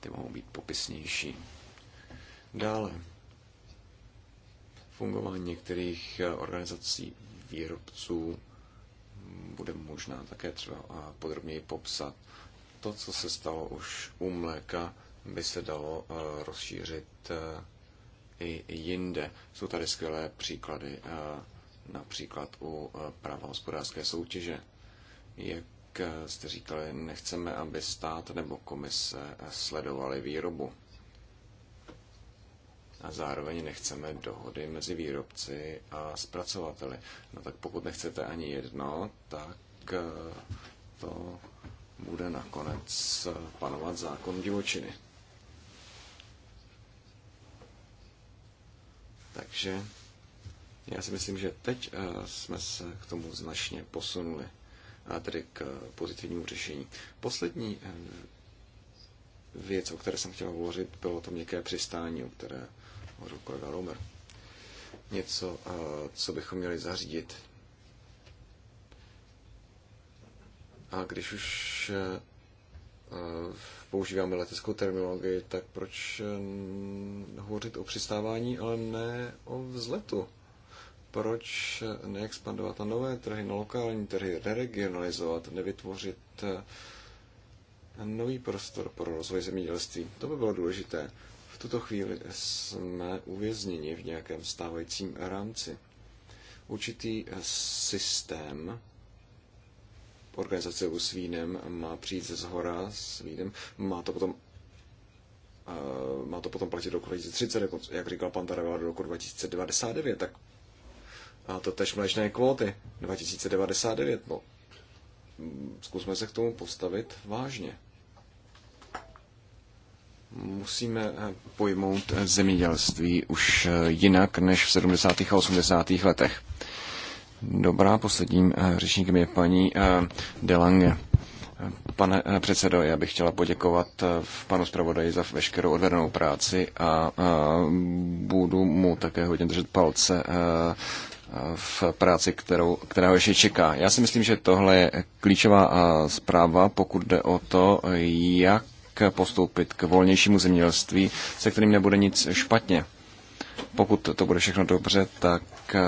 Ty mohou být popisnější. Dále. Fungování některých organizací výrobců bude možná také třeba podrobněji popsat. To, co se stalo už u mléka, by se dalo eh, rozšířit eh, i jinde. Jsou tady skvělé příklady, eh, například u práva hospodářské soutěže. Jak jste říkali, nechceme, aby stát nebo komise sledovali výrobu a zároveň nechceme dohody mezi výrobci a zpracovateli. No tak pokud nechcete ani jedno, tak eh, to bude nakonec eh, panovat zákon divočiny. Takže já si myslím, že teď eh, jsme se k tomu značně posunuli, a tedy k pozitivnímu řešení. Poslední věc, o které jsem chtěl hovořit, bylo to měkké přistání, o které hovořil kolega Romer. Něco, eh, co bychom měli zařídit. A když už eh, používáme leteckou terminologii, tak proč eh, hovořit o přistávání, ale ne o vzletu? Proč neexpandovat na nové trhy, na lokální trhy, neregionalizovat, nevytvořit nový prostor pro rozvoj zemědělství? To by bylo důležité tuto chvíli jsme uvězněni v nějakém stávajícím rámci. Určitý systém organizace u svínem má přijít ze zhora s vínem, má to potom eh, má to potom platit do roku 2030, jako, jak říkal pan Tarevá do roku 2099, tak a to tež mlečné kvóty 2099, no zkusme se k tomu postavit vážně musíme eh, pojmout eh, zemědělství už eh, jinak než v 70. a 80. letech. Dobrá, posledním řečníkem je paní Delange. Pane předsedo, já bych chtěla poděkovat panu zpravodaji za veškerou odvedenou práci a budu mu také hodně držet palce v práci, kterou, která ho ještě čeká. Já si myslím, že tohle je klíčová zpráva, pokud jde o to, jak postoupit k volnějšímu zemědělství, se kterým nebude nic špatně. Pokud to bude všechno dobře, tak eh,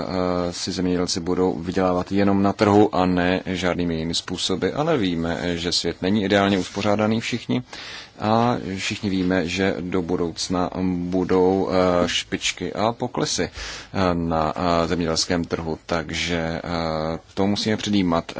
si zemědělci budou vydělávat jenom na trhu a ne žádnými jinými způsoby. Ale víme, že svět není ideálně uspořádaný všichni a všichni víme, že do budoucna budou eh, špičky a poklesy eh, na zemědělském trhu, takže to musíme předjímat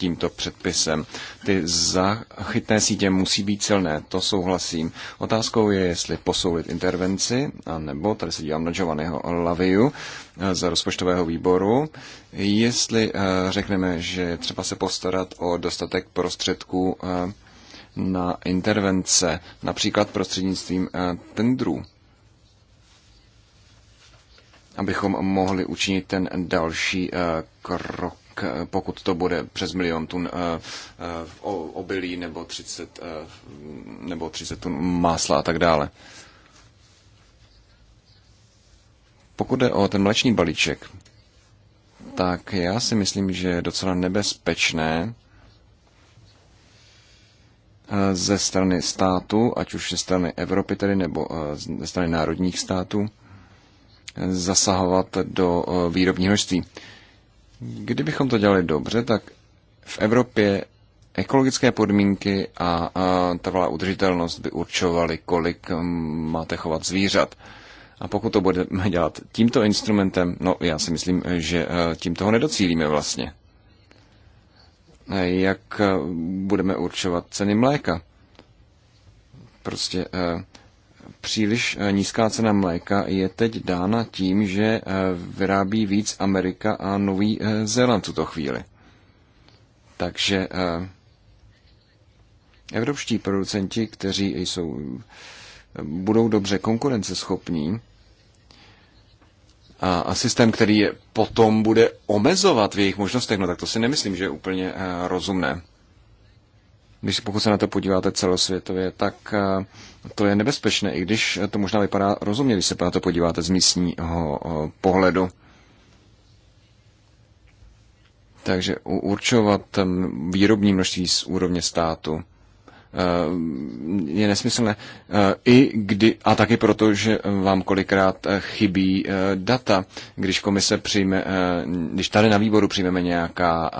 tímto předpisem. Ty zachytné sítě musí být silné, to souhlasím. Otázkou je, jestli posoulit intervenci, nebo tady se dívám na Giovanniho Laviu eh, z rozpočtového výboru, jestli eh, řekneme, že třeba se postarat o dostatek prostředků eh, na intervence, například prostřednictvím tendrů abychom mohli učinit ten další krok Eh, pokud to bude přes milion tun eh, eh, obilí nebo 30, nebo 30 tun másla a tak dále. Pokud jde o ten mleční balíček, tak já si myslím, že je docela nebezpečné ze strany státu, ať už ze strany Evropy tedy, nebo ze strany národních států, zasahovat do výrobního množství. Kdybychom to dělali dobře, tak v Evropě ekologické podmínky a, a trvalá udržitelnost by určovaly, kolik máte chovat zvířat. A pokud to budeme dělat tímto instrumentem, no já si myslím, že e, tím toho nedocílíme vlastně. E, jak e, budeme určovat ceny mléka? Prostě Příliš eh, nízká cena mléka je teď dána tím, že eh, vyrábí víc Amerika a Nový eh, Zéland tuto chvíli. Takže evropští producenti, kteří jsou, budou dobře konkurenceschopní, a systém, který je potom bude omezovat v jejich možnostech, no tak to si nemyslím, že je úplně rozumné. Když pokud se na to podíváte celosvětově, tak eh, to je nebezpečné, i když to možná vypadá rozumně, když se na to podíváte z místního eh, pohledu. Takže určovat eh, výrobní množství z úrovně státu Eh, je nesmyslné. Eh, I kdy, a taky proto, že vám kolikrát eh, chybí data. Když komise přijme, když tady na výboru přijmeme nějaká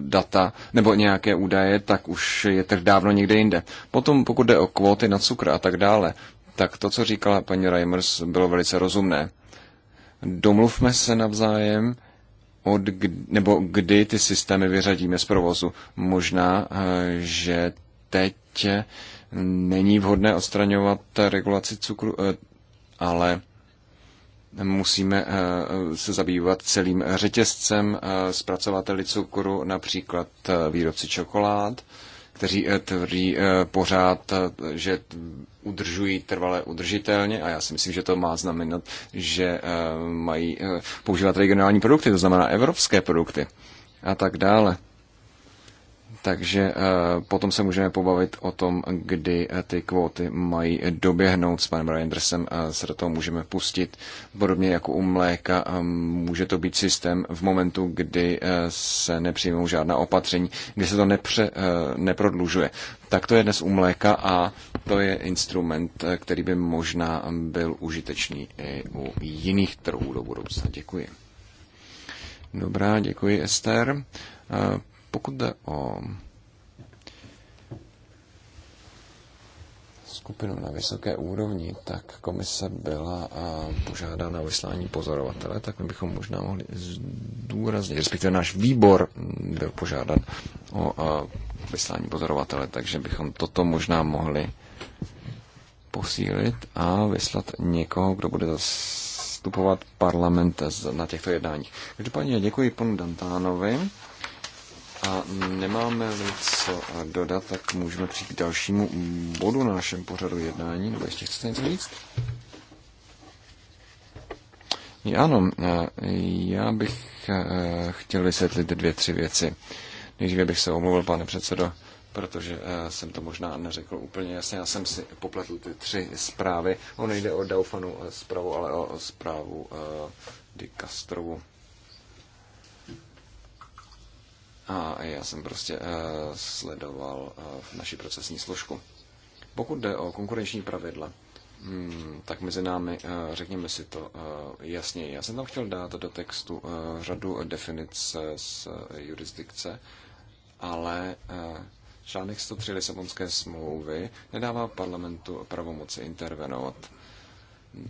data nebo nějaké údaje, tak už je trh dávno někde jinde. Potom, pokud jde o kvóty na cukr a tak dále, tak to, co říkala paní Reimers, bylo velice rozumné. Domluvme se navzájem, od kdy, nebo kdy ty systémy vyřadíme z provozu. Možná, že teď není vhodné odstraňovat regulaci cukru, eh, ale musíme eh, se zabývat celým řetězcem eh, zpracovateli cukru, například výrobci čokolád, kteří tvrdí pořád, že udržují trvale udržitelně a já si myslím, že to má znamenat, že mají používat regionální produkty, to znamená evropské produkty a tak dále. Takže eh, potom se můžeme pobavit o tom, kdy eh, ty kvóty mají doběhnout. S panem Reindersem se do toho můžeme pustit. Podobně jako u mléka eh, může to být systém v momentu, kdy se nepřijmou žádná opatření, kdy se to nepře, neprodlužuje. Tak to je dnes u mléka a to je instrument, který by možná byl užitečný i u jiných trhů do budoucna. Děkuji. Dobrá, děkuji Ester pokud jde o skupinu na vysoké úrovni, tak komise byla požádána o vyslání pozorovatele, tak my bychom možná mohli zdůraznit, respektive náš výbor byl požádán o vyslání pozorovatele, takže bychom toto možná mohli posílit a vyslat někoho, kdo bude zastupovat parlament na těchto jednáních. Každopádně děkuji panu Dantánovi a nemáme-li co dodat, tak můžeme přijít k dalšímu bodu na našem pořadu jednání. Nebo ještě chcete něco říct? Ano, e, já bych e, chtěl vysvětlit dvě, tři věci. Nejdříve bych se omluvil, pane předsedo, protože e, jsem to možná neřekl úplně jasně. Já jsem si popletl ty tři zprávy. Ono jde o Daufanu zprávu, ale o zprávu Di A já jsem prostě eh, sledoval eh, naši procesní složku. Pokud jde o konkurenční pravidla, Hmm, tak mezi námi, eh, řekněme si to jasněji. Já jsem tam chtěl dát do textu řadu definic z jurisdikce, ale článek 103 Lisabonské smlouvy nedává parlamentu pravomoci intervenovat.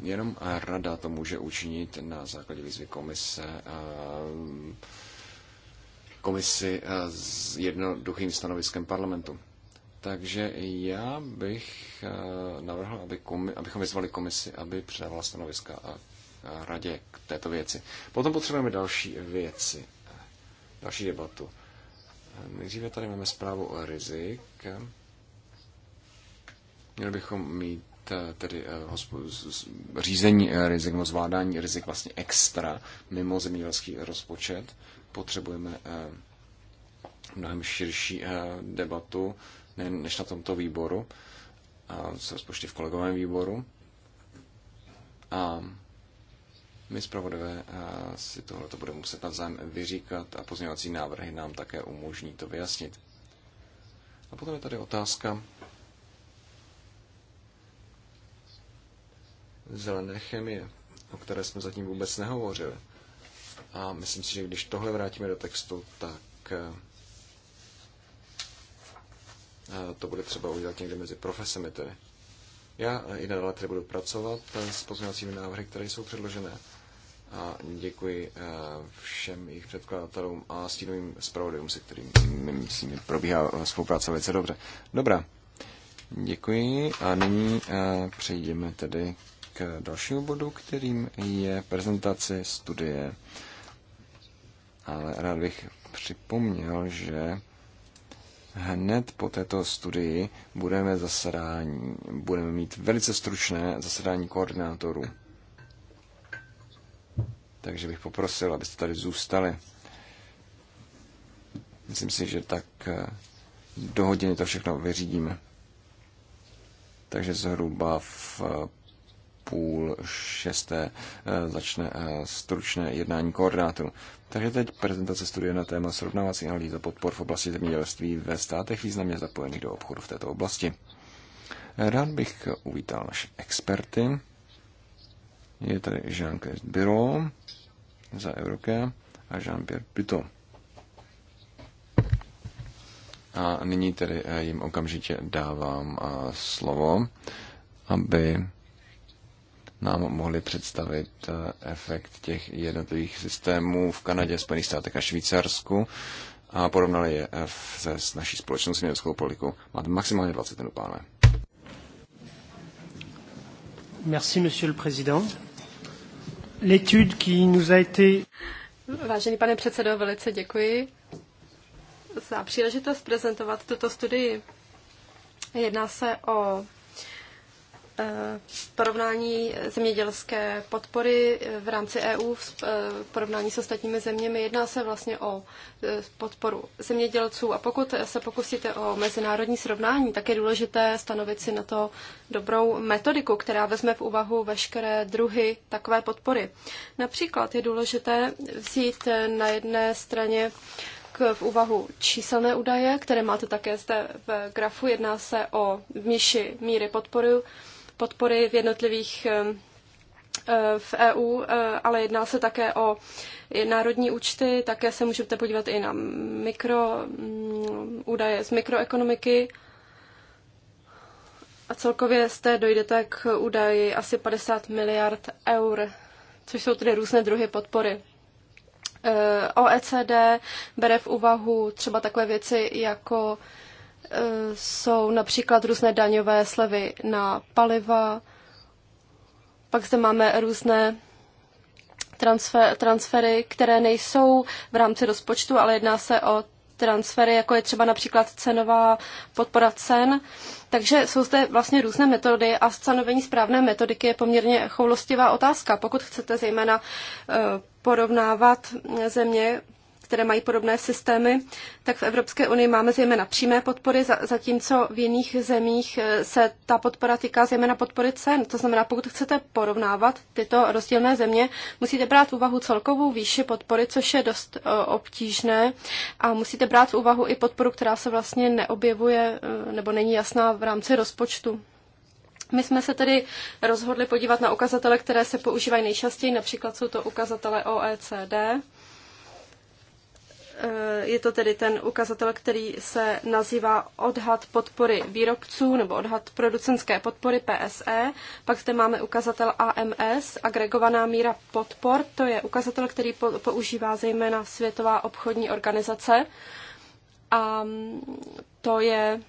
Jenom rada to může učinit na základě výzvy komise komisi eh, s jednoduchým stanoviskem parlamentu. Takže já bych eh, navrhl, aby komi, abychom vyzvali komisi, aby předávala stanoviska a, radě k této věci. Potom potřebujeme další věci, eh, další debatu. Nejdříve tady máme zprávu o rizik. Měli bychom mít tedy řízení rizik, no zvládání rizik vlastně extra mimo zemědělský rozpočet potřebujeme eh, mnohem širší eh, debatu, než na tomto výboru, se rozpočty v kolegovém výboru. A my zpravodové eh, si tohle to budeme muset navzájem vyříkat a pozměňovací návrhy nám také umožní to vyjasnit. A potom je tady otázka zelené chemie, o které jsme zatím vůbec nehovořili. A myslím si, že když tohle vrátíme do textu, tak eh, eh, to bude třeba udělat někde mezi profesemi tedy. Já eh, i nadále tedy budu pracovat s pozměňovacími návrhy, které jsou předložené. A děkuji všem jejich předkladatelům a stínovým zpravodajům, se kterými, myslím, probíhá spolupráce velice dobře. Dobrá, děkuji a nyní přejdeme tedy k dalšímu bodu, kterým je prezentace studie ale rád bych připomněl, že hned po této studii budeme zasedání, budeme mít velice stručné zasedání koordinátorů. Takže bych poprosil, abyste tady zůstali. Myslím si, že tak eh, do hodiny to všechno vyřídíme. Takže zhruba v eh, půl šesté eh, začne eh, stručné jednání koordinátorů. Takže teď prezentace studie na téma srovnávací analýza podpor v oblasti zemědělství ve státech významně zapojených do obchodu v této oblasti. Rád bych uvítal naše experty. Je tady Jean-Claude Biro za Euroke a Jean-Pierre Pito. A nyní tedy eh, jim okamžitě dávám slovo, aby nám mohli představit eh, efekt těch jednotlivých systémů v Kanadě, Spojených státech a Švýcarsku a porovnali je eh, se s naší společnou zemědělskou politikou. Máte maximálně 20 minut, pánové.
Merci, monsieur le président. L'étude qui nous a été... Vážený pane předsedo, velice děkuji za příležitost prezentovat tuto studii. Jedná se o Eh, porovnání zemědělské podpory v rámci EU v eh, porovnání s ostatními zeměmi. Jedná se vlastně o eh, podporu zemědělců a pokud se pokusíte o mezinárodní srovnání, tak je důležité stanovit si na to dobrou metodiku, která vezme v úvahu veškeré druhy takové podpory. Například je důležité vzít na jedné straně v úvahu číselné údaje, které máte také zde v grafu. Jedná se o vnější míry podpory podpory v jednotlivých eh, v EU, eh, ale jedná se také o národní účty, také se můžete podívat i na mikro, mm, údaje z mikroekonomiky. A celkově z té dojdete k údaji asi 50 miliard eur, což jsou tedy různé druhy podpory. Eh, OECD bere v úvahu třeba takové věci jako jsou například různé daňové slevy na paliva, pak zde máme různé transfer, transfery, které nejsou v rámci rozpočtu, ale jedná se o transfery, jako je třeba například cenová podpora cen. Takže jsou zde vlastně různé metody a stanovení správné metodiky je poměrně choulostivá otázka. Pokud chcete zejména eh, porovnávat eh, země, které mají podobné systémy, tak v Evropské unii máme zejména přímé podpory, zatímco v jiných zemích eh, se ta podpora týká zejména podpory cen. To znamená, pokud chcete porovnávat tyto rozdílné země, musíte brát v úvahu celkovou výši podpory, což je dost eh, obtížné a musíte brát v úvahu i podporu, která se vlastně neobjevuje eh, nebo není jasná v rámci rozpočtu. My jsme se tedy rozhodli podívat na ukazatele, které se používají nejčastěji, například jsou to ukazatele OECD. Eh, je to tedy ten ukazatel, který se nazývá odhad podpory výrobců nebo odhad producenské podpory PSE. Pak zde máme ukazatel AMS, agregovaná míra podpor. To je ukazatel, který používá zejména Světová obchodní organizace. A mm, to je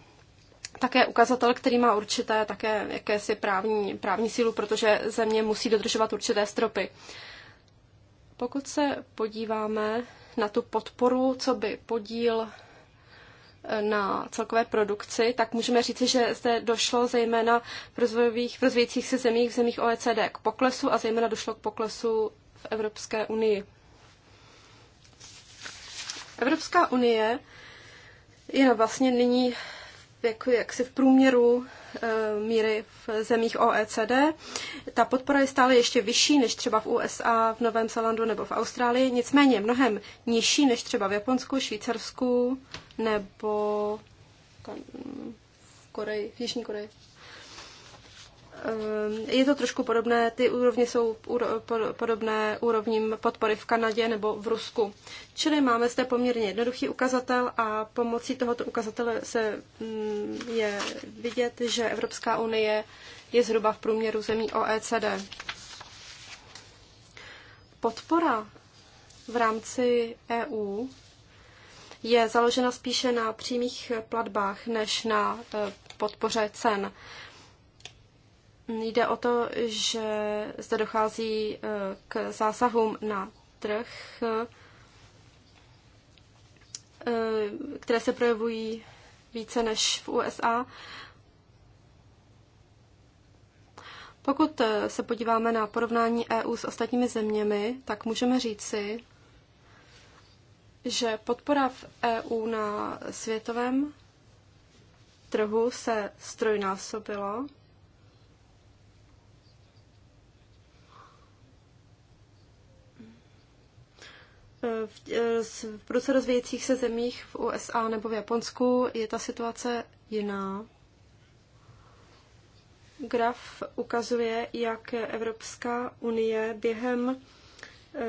také ukazatel, který má určité také jakési právní, právní sílu, protože země musí dodržovat určité stropy. Pokud se podíváme na tu podporu, co by podíl e, na celkové produkci, tak můžeme říci, že zde došlo zejména v, rozvojových, v rozvíjících se zemích, v zemích OECD k poklesu a zejména došlo k poklesu v Evropské unii. Evropská unie je vlastně nyní jako jaksi v průměru eh, míry v zemích OECD. Ta podpora je stále ještě vyšší než třeba v USA, v Novém Zelandu nebo v Austrálii, nicméně mnohem nižší než třeba v Japonsku, Švýcarsku nebo v Koreji, v Jižní Koreji. Ehm, je to trošku podobné, ty úrovně jsou podobné úrovním podpory v Kanadě nebo v Rusku. Čili máme zde poměrně jednoduchý ukazatel a pomocí tohoto ukazatele se mm, je vidět, že Evropská unie je zhruba v průměru zemí OECD. Podpora v rámci EU je založena spíše na přímých platbách než na eh, podpoře cen. Jde o to, že zde dochází eh, k zásahům na trh, eh, které se projevují více než v USA. Pokud eh, se podíváme na porovnání EU s ostatními zeměmi, tak můžeme říci, že podpora v EU na světovém trhu se strojnásobila v proce eh, rozvíjejících se zemích v USA nebo v Japonsku je ta situace jiná. Graf ukazuje, jak Evropská unie během eh,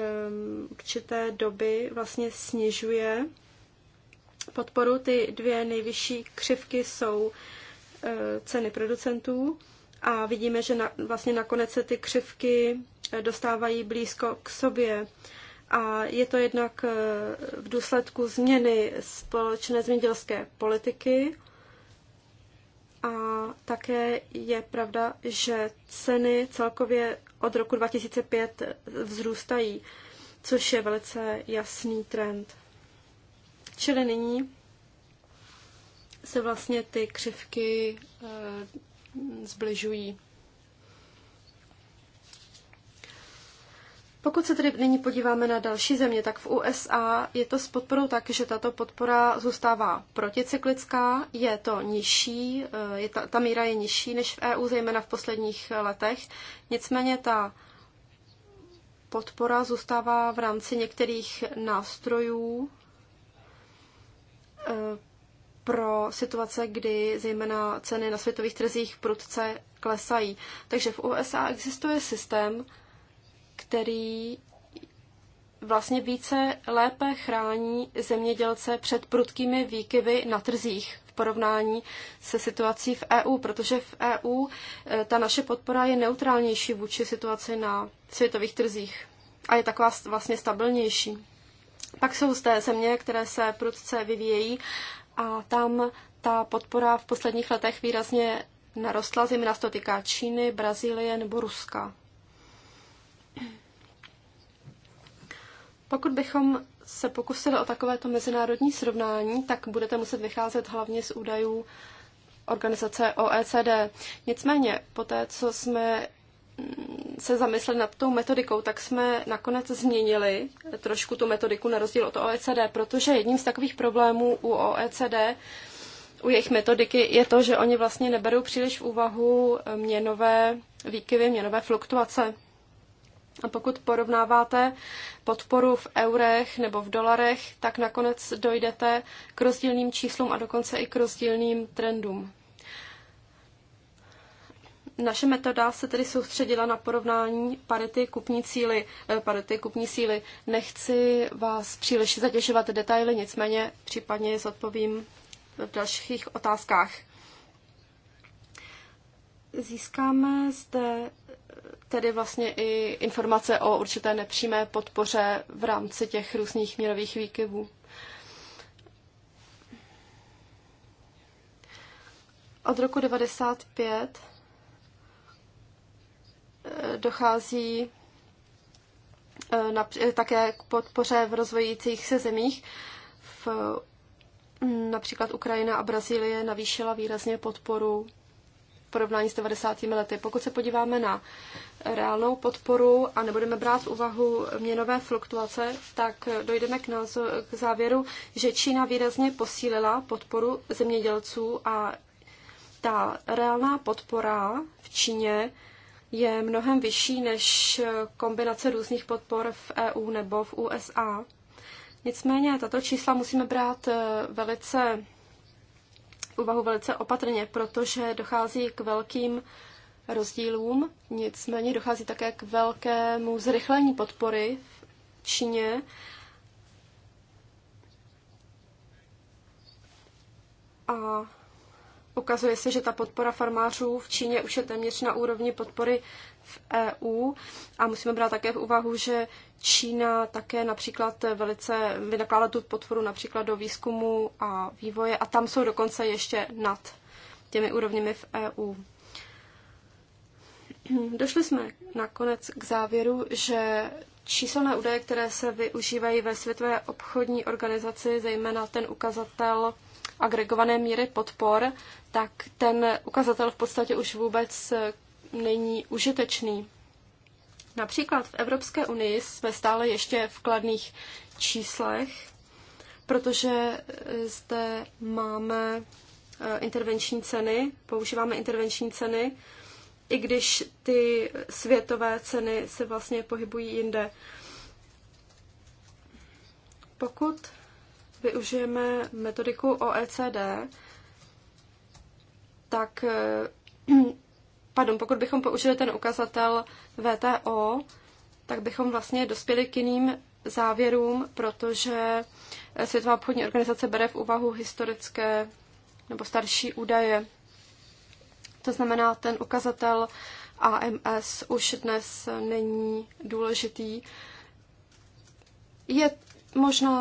určité doby vlastně snižuje podporu. Ty dvě nejvyšší křivky jsou eh, ceny producentů a vidíme, že na, vlastně nakonec se ty křivky dostávají blízko k sobě a je to jednak eh, v důsledku změny společné zemědělské politiky a také je pravda, že ceny celkově od roku 2005 eh, vzrůstají, což je velice jasný trend. Čili nyní se vlastně ty křivky eh, zbližují. Pokud se tedy nyní podíváme na další země, tak v USA je to s podporou tak, že tato podpora zůstává proticyklická, je to nižší, eh, je ta, ta míra je nižší než v EU, zejména v posledních letech. Nicméně ta podpora zůstává v rámci některých nástrojů eh, pro situace, kdy zejména ceny na světových trzích prudce klesají. Takže v USA existuje systém, který vlastně více lépe chrání zemědělce před prudkými výkyvy na trzích v porovnání se situací v EU, protože v EU e, ta naše podpora je neutrálnější vůči situaci na světových trzích a je taková vlastně stabilnější. Pak jsou té země, které se prudce vyvíjejí a tam ta podpora v posledních letech výrazně narostla, zejména se to týká Číny, Brazílie nebo Ruska. Pokud bychom se pokusili o takovéto mezinárodní srovnání, tak budete muset vycházet hlavně z údajů organizace OECD. Nicméně, po té, co jsme mm, se zamysleli nad tou metodikou, tak jsme nakonec změnili trošku tu metodiku na rozdíl od OECD, protože jedním z takových problémů u OECD, u jejich metodiky, je to, že oni vlastně neberou příliš v úvahu měnové výkyvy, měnové fluktuace. A pokud porovnáváte podporu v eurech nebo v dolarech, tak nakonec dojdete k rozdílným číslům a dokonce i k rozdílným trendům. Naše metoda se tedy soustředila na porovnání parity kupní, síly, eh, parity kupní síly. Nechci vás příliš zatěžovat detaily, nicméně případně je zodpovím v dalších otázkách. Získáme zde tedy vlastně i informace o určité nepřímé podpoře v rámci těch různých mírových výkyvů. Od roku 95 eh, dochází eh, eh, také k podpoře v rozvojících se zemích. V, mm, například Ukrajina a Brazílie navýšila výrazně podporu porovnání s 90 lety. Pokud se podíváme na reálnou podporu a nebudeme brát v úvahu měnové fluktuace, tak dojdeme k, názor, k závěru, že Čína výrazně posílila podporu zemědělců a ta reálná podpora v Číně je mnohem vyšší než kombinace různých podpor v EU nebo v USA. Nicméně tato čísla musíme brát eh, velice úvahu velice opatrně, protože dochází k velkým rozdílům, nicméně dochází také k velkému zrychlení podpory v Číně. A ukazuje se, že ta podpora farmářů v Číně už je téměř na úrovni podpory EU a musíme brát také v úvahu, že Čína také například velice vynakládá tu podporu například do výzkumu a vývoje a tam jsou dokonce ještě nad těmi úrovněmi v EU. Došli jsme nakonec k závěru, že číselné údaje, které se využívají ve Světové obchodní organizaci, zejména ten ukazatel agregované míry podpor, tak ten ukazatel v podstatě už vůbec není užitečný. Například v Evropské unii jsme stále ještě v kladných číslech, protože zde máme eh, intervenční ceny, používáme intervenční ceny, i když ty světové ceny se vlastně pohybují jinde. Pokud využijeme metodiku OECD, tak eh, pardon, pokud bychom použili ten ukazatel VTO, tak bychom vlastně dospěli k jiným závěrům, protože Světová obchodní organizace bere v úvahu historické nebo starší údaje. To znamená, ten ukazatel AMS už dnes není důležitý. Je možná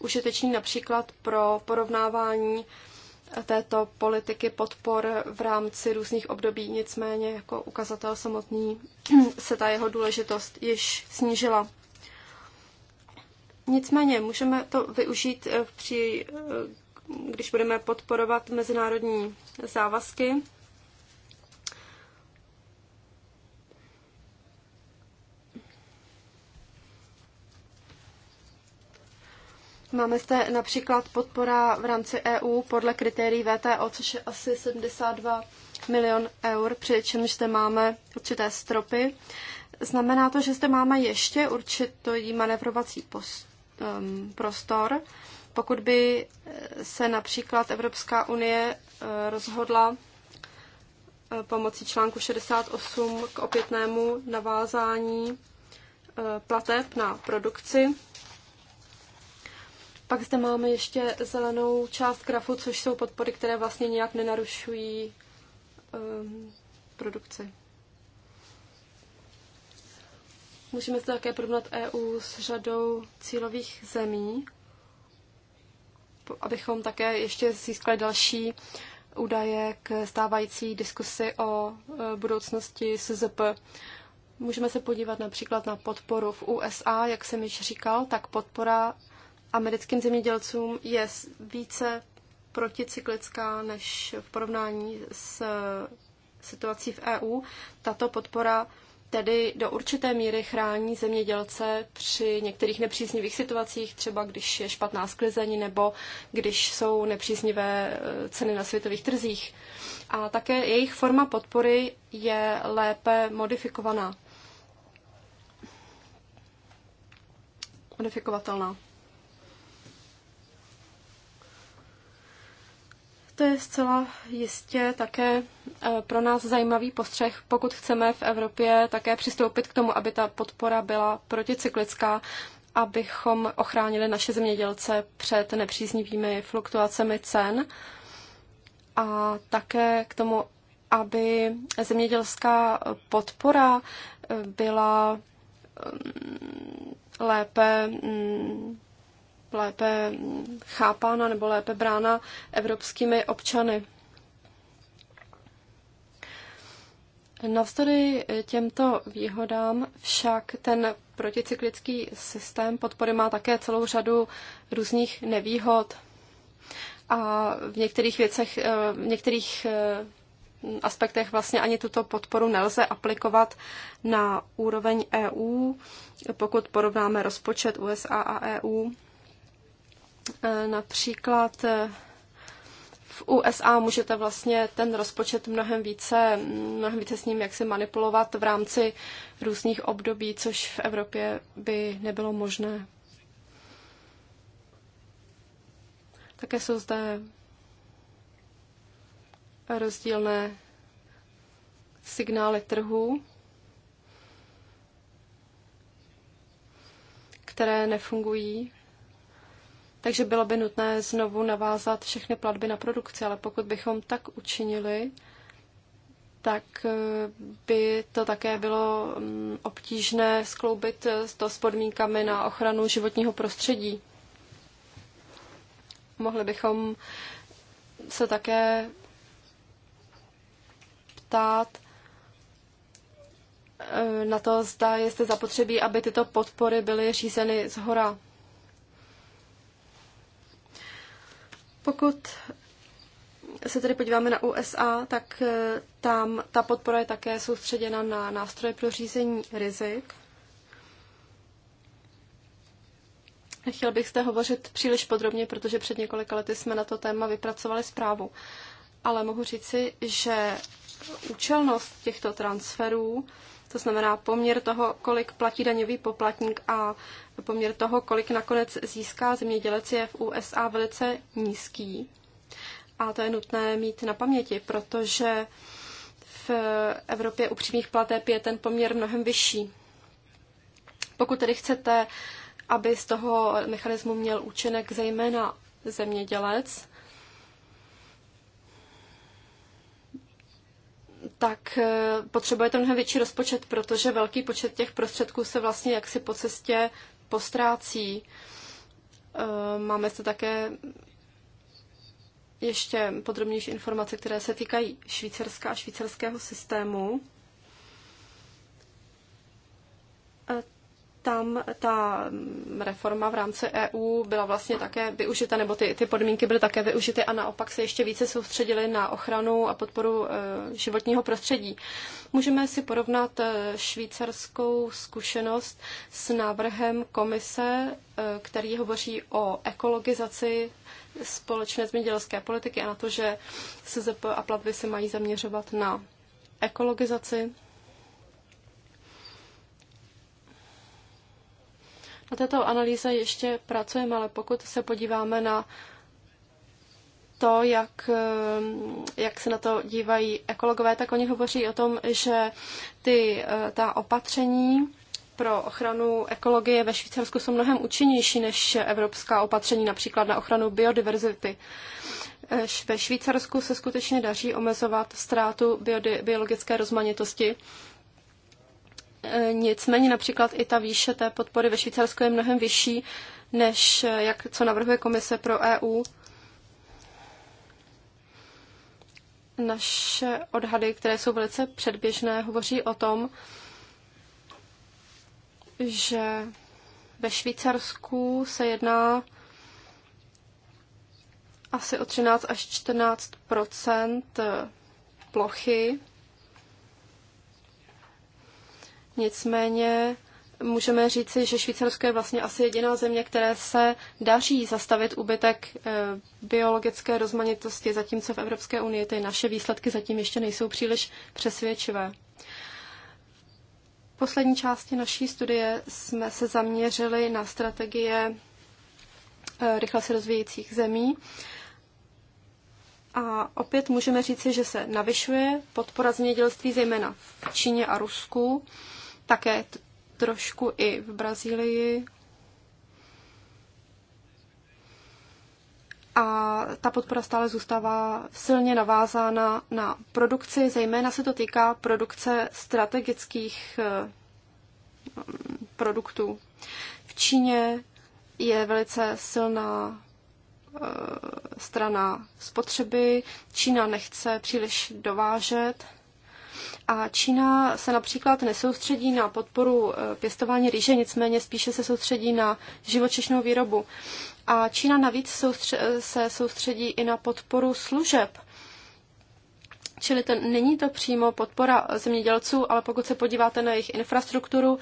užitečný například pro porovnávání této politiky podpor v rámci různých období, nicméně jako ukazatel samotný se ta jeho důležitost již snížila. Nicméně můžeme to využít, eh, při, eh, když budeme podporovat mezinárodní závazky Máme zde například podpora v rámci EU podle kritérií VTO, což je asi 72 milion eur, přičemž zde máme určité stropy. Znamená to, že zde máme ještě určitý manevrovací post, um, prostor. Pokud by eh, se například Evropská unie eh, rozhodla eh, pomocí článku 68 k opětnému navázání plateb na produkci, pak zde máme ještě zelenou část grafu, což jsou podpory, které vlastně nějak nenarušují um, produkci. Můžeme se také porovnat EU s řadou cílových zemí, abychom také ještě získali další údaje k stávající diskusi o e, budoucnosti SZP. Můžeme se podívat například na podporu v USA, jak jsem již říkal, tak podpora americkým zemědělcům je více proticyklická než v porovnání s eh, situací v EU. Tato podpora tedy do určité míry chrání zemědělce při některých nepříznivých situacích, třeba když je špatná sklizeň nebo když jsou nepříznivé eh, ceny na světových trzích. A také jejich forma podpory je lépe modifikovaná. Modifikovatelná. To je zcela jistě také e, pro nás zajímavý postřeh, pokud chceme v Evropě také přistoupit k tomu, aby ta podpora byla proticyklická, abychom ochránili naše zemědělce před nepříznivými fluktuacemi cen a také k tomu, aby zemědělská podpora e, byla mm, lépe mm, lépe chápána nebo lépe brána evropskými občany. Navzdory těmto výhodám však ten proticyklický systém podpory má také celou řadu různých nevýhod a v některých věcech, eh, v některých eh, aspektech vlastně ani tuto podporu nelze aplikovat na úroveň EU, pokud porovnáme rozpočet USA a EU. Eh, například eh, v USA můžete vlastně ten rozpočet mnohem více, mnohem více s ním jak si manipulovat v rámci různých období, což v Evropě by nebylo možné. Také jsou zde rozdílné signály trhu, které nefungují takže bylo by nutné znovu navázat všechny platby na produkci, ale pokud bychom tak učinili, tak eh, by to také bylo mm, obtížné skloubit eh, to s podmínkami na ochranu životního prostředí. Mohli bychom se také ptát eh, na to, zda jestli zapotřebí, aby tyto podpory byly řízeny z hora. Pokud se tedy podíváme na USA, tak eh, tam ta podpora je také soustředěna na nástroje pro řízení rizik. Chtěl bych zde hovořit příliš podrobně, protože před několika lety jsme na to téma vypracovali zprávu. Ale mohu říci, že účelnost těchto transferů to znamená poměr toho, kolik platí daňový poplatník a poměr toho, kolik nakonec získá zemědělec, je v USA velice nízký. A to je nutné mít na paměti, protože v Evropě u přímých plateb je ten poměr mnohem vyšší. Pokud tedy chcete, aby z toho mechanismu měl účinek zejména zemědělec, tak eh, potřebujete mnohem větší rozpočet, protože velký počet těch prostředků se vlastně jaksi po cestě postrácí. Eh, máme zde také ještě podrobnější informace, které se týkají Švýcarska a švýcarského systému. Eh, tam ta reforma v rámci EU byla vlastně také využita, nebo ty, ty podmínky byly také využity a naopak se ještě více soustředili na ochranu a podporu e, životního prostředí. Můžeme si porovnat e, švýcarskou zkušenost s návrhem komise, e, který hovoří o ekologizaci společné zemědělské politiky a na to, že SZP a platby se mají zaměřovat na ekologizaci Na této analýze ještě pracujeme, ale pokud se podíváme na to, jak, eh, jak se na to dívají ekologové, tak oni hovoří o tom, že ty, eh, ta opatření pro ochranu ekologie ve Švýcarsku jsou mnohem účinnější než evropská opatření, například na ochranu biodiverzity. Eh, ve Švýcarsku se skutečně daří omezovat ztrátu biologické rozmanitosti Nicméně například i ta výše té podpory ve Švýcarsku je mnohem vyšší, než eh, jak co navrhuje komise pro EU. Naše odhady, které jsou velice předběžné, hovoří o tom, že ve Švýcarsku se jedná asi o 13 až 14 eh, plochy Nicméně můžeme říci, že Švýcarsko je vlastně asi jediná země, které se daří zastavit ubytek eh, biologické rozmanitosti, zatímco v Evropské unii ty naše výsledky zatím ještě nejsou příliš přesvědčivé. V poslední části naší studie jsme se zaměřili na strategie eh, rychle se rozvíjejících zemí. A opět můžeme říci, že se navyšuje podpora zemědělství zejména v Číně a Rusku také trošku i v Brazílii. A ta podpora stále zůstává silně navázána na produkci, zejména se to týká produkce strategických eh, produktů. V Číně je velice silná eh, strana spotřeby. Čína nechce příliš dovážet a Čína se například nesoustředí na podporu eh, pěstování rýže, nicméně spíše se soustředí na živočišnou výrobu. A Čína navíc se soustředí i na podporu služeb. Čili ten, není to přímo podpora zemědělců, ale pokud se podíváte na jejich infrastrukturu,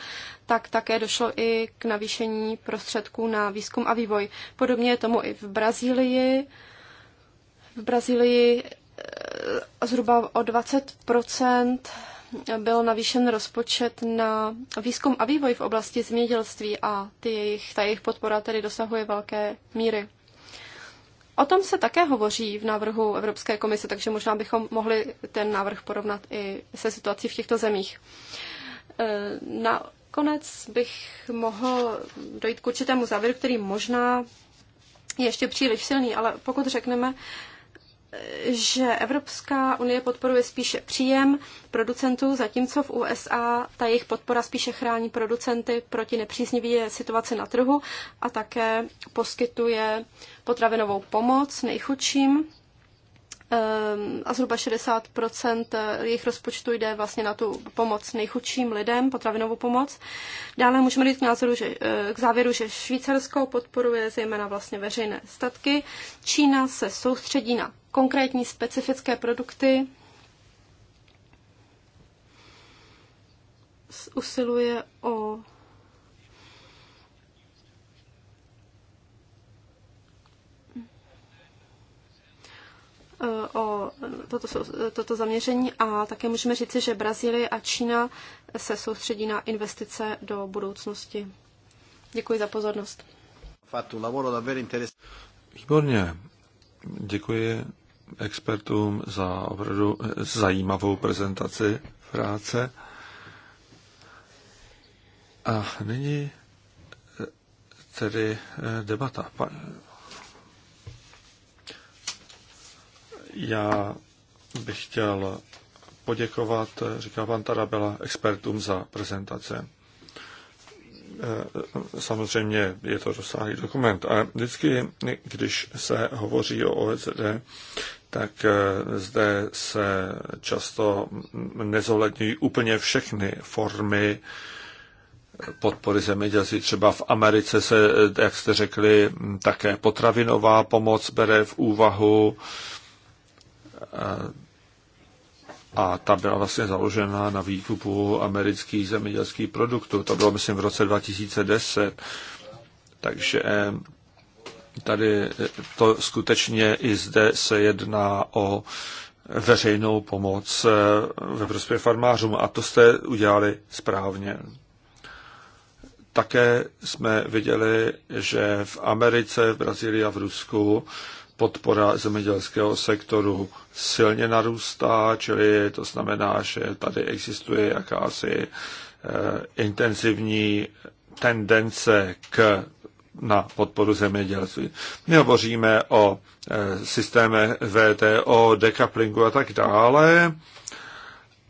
tak také došlo i k navýšení prostředků na výzkum a vývoj. Podobně je tomu i v Brazílii. V Brazílii zhruba o 20 byl navýšen rozpočet na výzkum a vývoj v oblasti zemědělství a ty jejich, ta jejich podpora tedy dosahuje velké míry. O tom se také hovoří v návrhu Evropské komise, takže možná bychom mohli ten návrh porovnat i se situací v těchto zemích. E, nakonec bych mohl dojít k určitému závěru, který možná je ještě příliš silný, ale pokud řekneme, že Evropská unie podporuje spíše příjem producentů, zatímco v USA ta jejich podpora spíše chrání producenty proti nepříznivé situaci na trhu a také poskytuje potravinovou pomoc nejchudším. Ehm, a zhruba 60 eh, jejich rozpočtu jde vlastně na tu pomoc nejchudším lidem, potravinovou pomoc. Dále můžeme jít k, názoru, že, eh, k závěru, že Švýcarsko podporuje zejména vlastně veřejné statky. Čína se soustředí na konkrétní specifické produkty. Usiluje o o toto, toto zaměření a také můžeme říci, že Brazílie a Čína se soustředí na investice do budoucnosti. Děkuji za pozornost.
Výborně. Děkuji expertům za opravdu zajímavou prezentaci práce. A nyní eh, tedy eh, debata. Já bych chtěl poděkovat, eh, říká pan Tarabela, expertům za prezentace. Eh, samozřejmě je to rozsáhlý dokument, ale vždycky, když se hovoří o OECD, tak eh, zde se často nezohledňují úplně všechny formy podpory zemědělství. Třeba v Americe se, eh, jak jste řekli, také potravinová pomoc bere v úvahu a ta byla vlastně založena na výkupu amerických zemědělských produktů. To bylo, myslím, v roce 2010. Takže eh, tady eh, to skutečně i zde se jedná o veřejnou pomoc eh, ve prospěch farmářům a to jste udělali správně. Také jsme viděli, že v Americe, v Brazílii a v Rusku podpora zemědělského sektoru silně narůstá, čili to znamená, že tady existuje jakási eh, intenzivní tendence k, na podporu zemědělství. My hovoříme o eh, systémech VTO, dekaplingu a tak dále,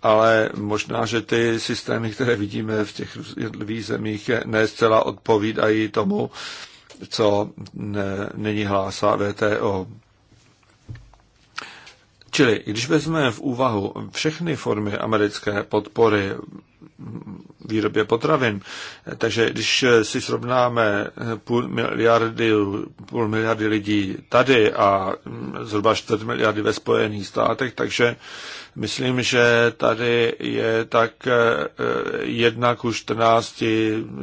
ale možná, že ty systémy, které vidíme v těch jednotlivých zemích, ne zcela odpovídají tomu, co není hlásá VTO. Čili když vezmeme v úvahu všechny formy americké podpory výrobě potravin. Takže když si srovnáme půl miliardy, půl miliardy lidí tady a zhruba čtvrt miliardy ve Spojených státech, takže myslím, že tady je tak eh, jedna ku 14,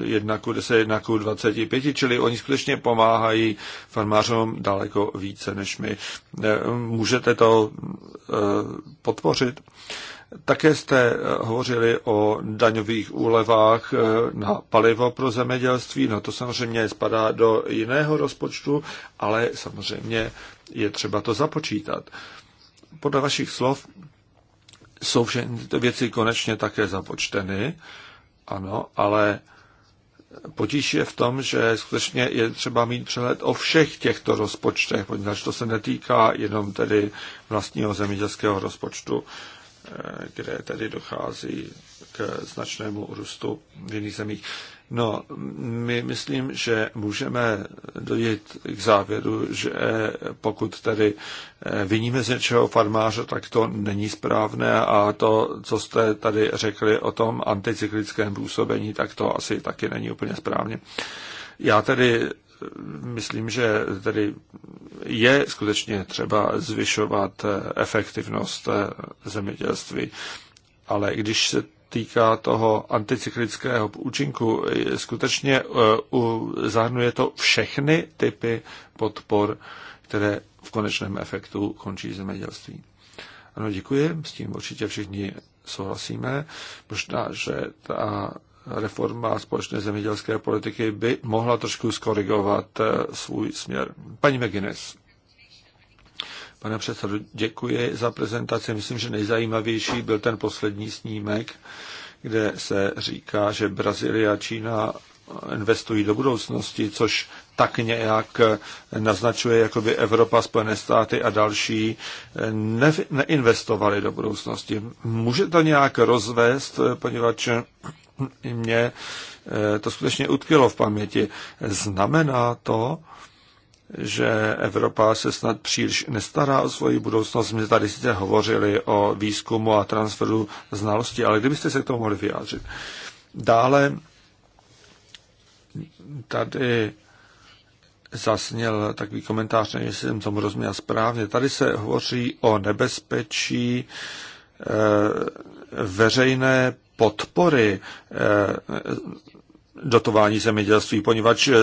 jedna ku 10, jedna ku 25, čili oni skutečně pomáhají farmářům daleko více než my. Eh, můžete to eh, podpořit? Také jste eh, hovořili o daňových úlevách eh, na palivo pro zemědělství. No to samozřejmě spadá do jiného rozpočtu, ale samozřejmě je třeba to započítat. Podle vašich slov jsou všechny tyto věci konečně také započteny, ano, ale potíž je v tom, že skutečně je třeba mít přehled o všech těchto rozpočtech, protože to se netýká jenom tedy vlastního zemědělského rozpočtu kde tedy dochází k značnému růstu v jiných zemích. No, my myslím, že můžeme dojít k závěru, že pokud tedy eh, viníme z něčeho farmáře, tak to není správné a to, co jste tady řekli o tom anticyklickém působení, tak to asi taky není úplně správně. Já tedy myslím, že tedy je skutečně třeba zvyšovat efektivnost zemědělství. Ale když se týká toho anticyklického účinku, skutečně eh, zahrnuje to všechny typy podpor, které v konečném efektu končí zemědělství. Ano, děkuji, s tím určitě všichni souhlasíme. Možná, že ta reforma společné zemědělské politiky by mohla trošku skorigovat eh, svůj směr. Paní McGuinness. Pane předsedo, děkuji za prezentaci. Myslím, že nejzajímavější byl ten poslední snímek, kde se říká, že Brazílie a Čína investují do budoucnosti, což tak nějak eh, naznačuje, jako by Evropa, Spojené státy a další eh, ne- neinvestovali do budoucnosti. Může to nějak rozvést, poněvadž i mě eh, to skutečně utkvělo v paměti. Znamená to, že Evropa se snad příliš nestará o svoji budoucnost. My tady sice hovořili o výzkumu a transferu znalostí, ale kdybyste se k tomu mohli vyjádřit. Dále tady zasněl takový komentář, nevím, jestli jsem tomu rozuměl správně. Tady se hovoří o nebezpečí e, veřejné podpory eh, dotování zemědělství, poněvadž eh,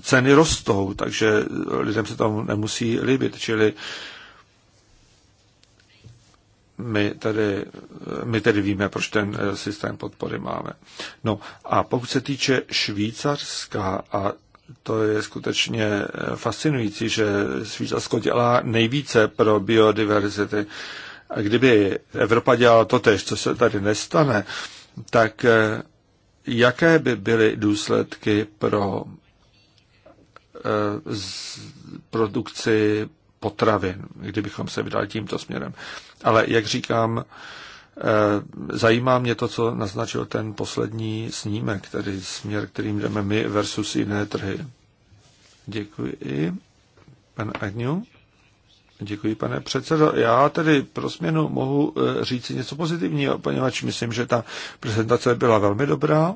ceny rostou, takže lidem se tam nemusí líbit. Čili my tedy, eh, my tedy víme, proč ten systém podpory máme. No a pokud se týče Švýcarska, a to je skutečně fascinující, že Švýcarsko dělá nejvíce pro biodiverzity, a kdyby Evropa dělala to tež, co se tady nestane, tak eh, jaké by byly důsledky pro eh, produkci potravin, kdybychom se vydali tímto směrem. Ale jak říkám, eh, zajímá mě to, co naznačil ten poslední snímek, tedy směr, kterým jdeme my versus jiné trhy. Děkuji. Pan Agnew? Děkuji, pane předsedo. Já tedy pro změnu mohu e, říct něco pozitivního, poněvadž myslím, že ta prezentace byla velmi dobrá.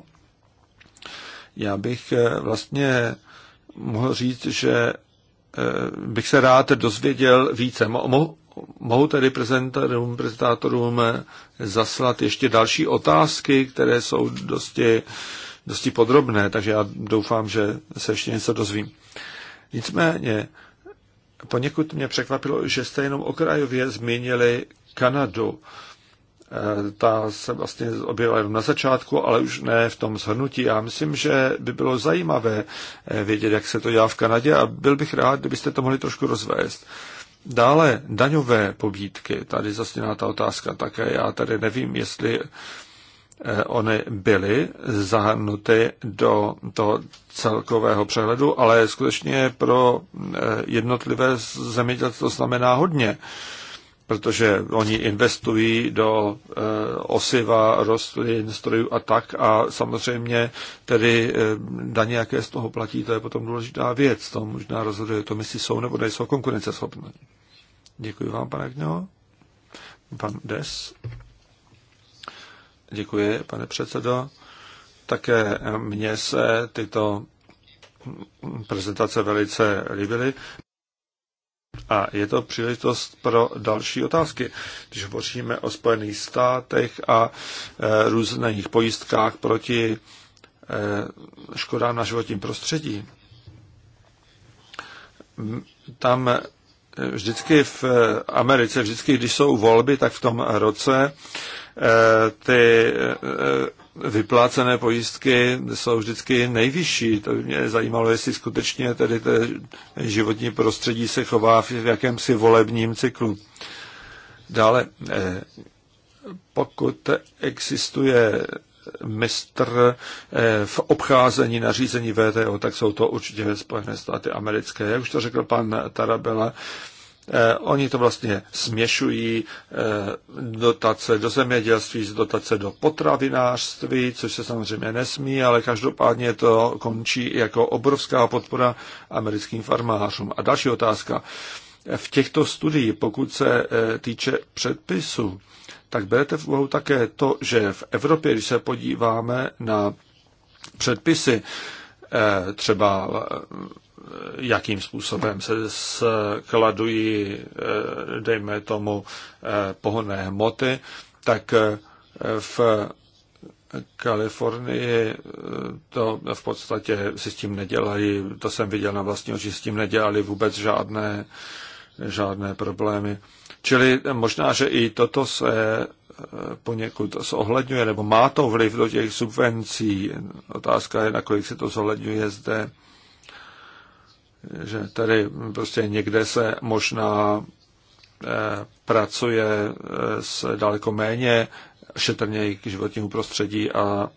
Já bych e, vlastně mohl říct, že e, bych se rád dozvěděl více. Mohu, mohu tedy prezentátorům, prezentátorům zaslat ještě další otázky, které jsou dosti, dosti podrobné, takže já doufám, že se ještě něco dozvím. Nicméně, poněkud mě překvapilo, že jste jenom okrajově zmínili Kanadu. E, ta se vlastně objevila jenom na začátku, ale už ne v tom shrnutí. Já myslím, že by bylo zajímavé e, vědět, jak se to dělá v Kanadě a byl bych rád, kdybyste to mohli trošku rozvést. Dále daňové pobídky, tady zasněná ta otázka také. Já tady nevím, jestli Eh, ony byly zahrnuty do toho celkového přehledu, ale skutečně pro eh, jednotlivé zemědělce to znamená hodně, protože oni investují do eh, osiva, rostlin, strojů a tak a samozřejmě tedy daně, jaké z toho platí, to je potom důležitá věc. To možná rozhoduje to, jestli jsou nebo nejsou konkurenceschopné. Děkuji vám, pane Kňo. Pan Des. Děkuji, pane předsedo. Také mně se tyto prezentace velice líbily. A je to příležitost pro další otázky. Když hovoříme o Spojených státech a e, různých pojistkách proti e, škodám na životním prostředí, tam e, vždycky v Americe, vždycky, když jsou volby, tak v tom roce Eh, ty eh, vyplácené pojistky jsou vždycky nejvyšší. To by mě zajímalo, jestli skutečně tedy to životní prostředí se chová v jakémsi volebním cyklu. Dále, eh, pokud existuje mistr v obcházení nařízení VTO, tak jsou to určitě Spojené státy americké. Jak už to řekl pan Tarabela, Eh, oni to vlastně směšují eh, dotace do zemědělství z dotace do potravinářství, což se samozřejmě nesmí, ale každopádně to končí jako obrovská podpora americkým farmářům. A další otázka. V těchto studiích, pokud se eh, týče předpisu, tak berete v úvahu také to, že v Evropě, když se podíváme na předpisy, třeba jakým způsobem se skladují, eh, dejme tomu, eh, pohonné hmoty, tak eh, v Kalifornii to v podstatě si s tím nedělají, to jsem viděl na vlastní oči, s tím nedělali vůbec žádné, žádné problémy. Čili možná, že i toto se poněkud zohledňuje, nebo má to vliv do těch subvencí. Otázka je, nakolik se to zohledňuje zde že tady prostě někde se možná eh, pracuje eh, s daleko méně šetrněji k životnímu prostředí a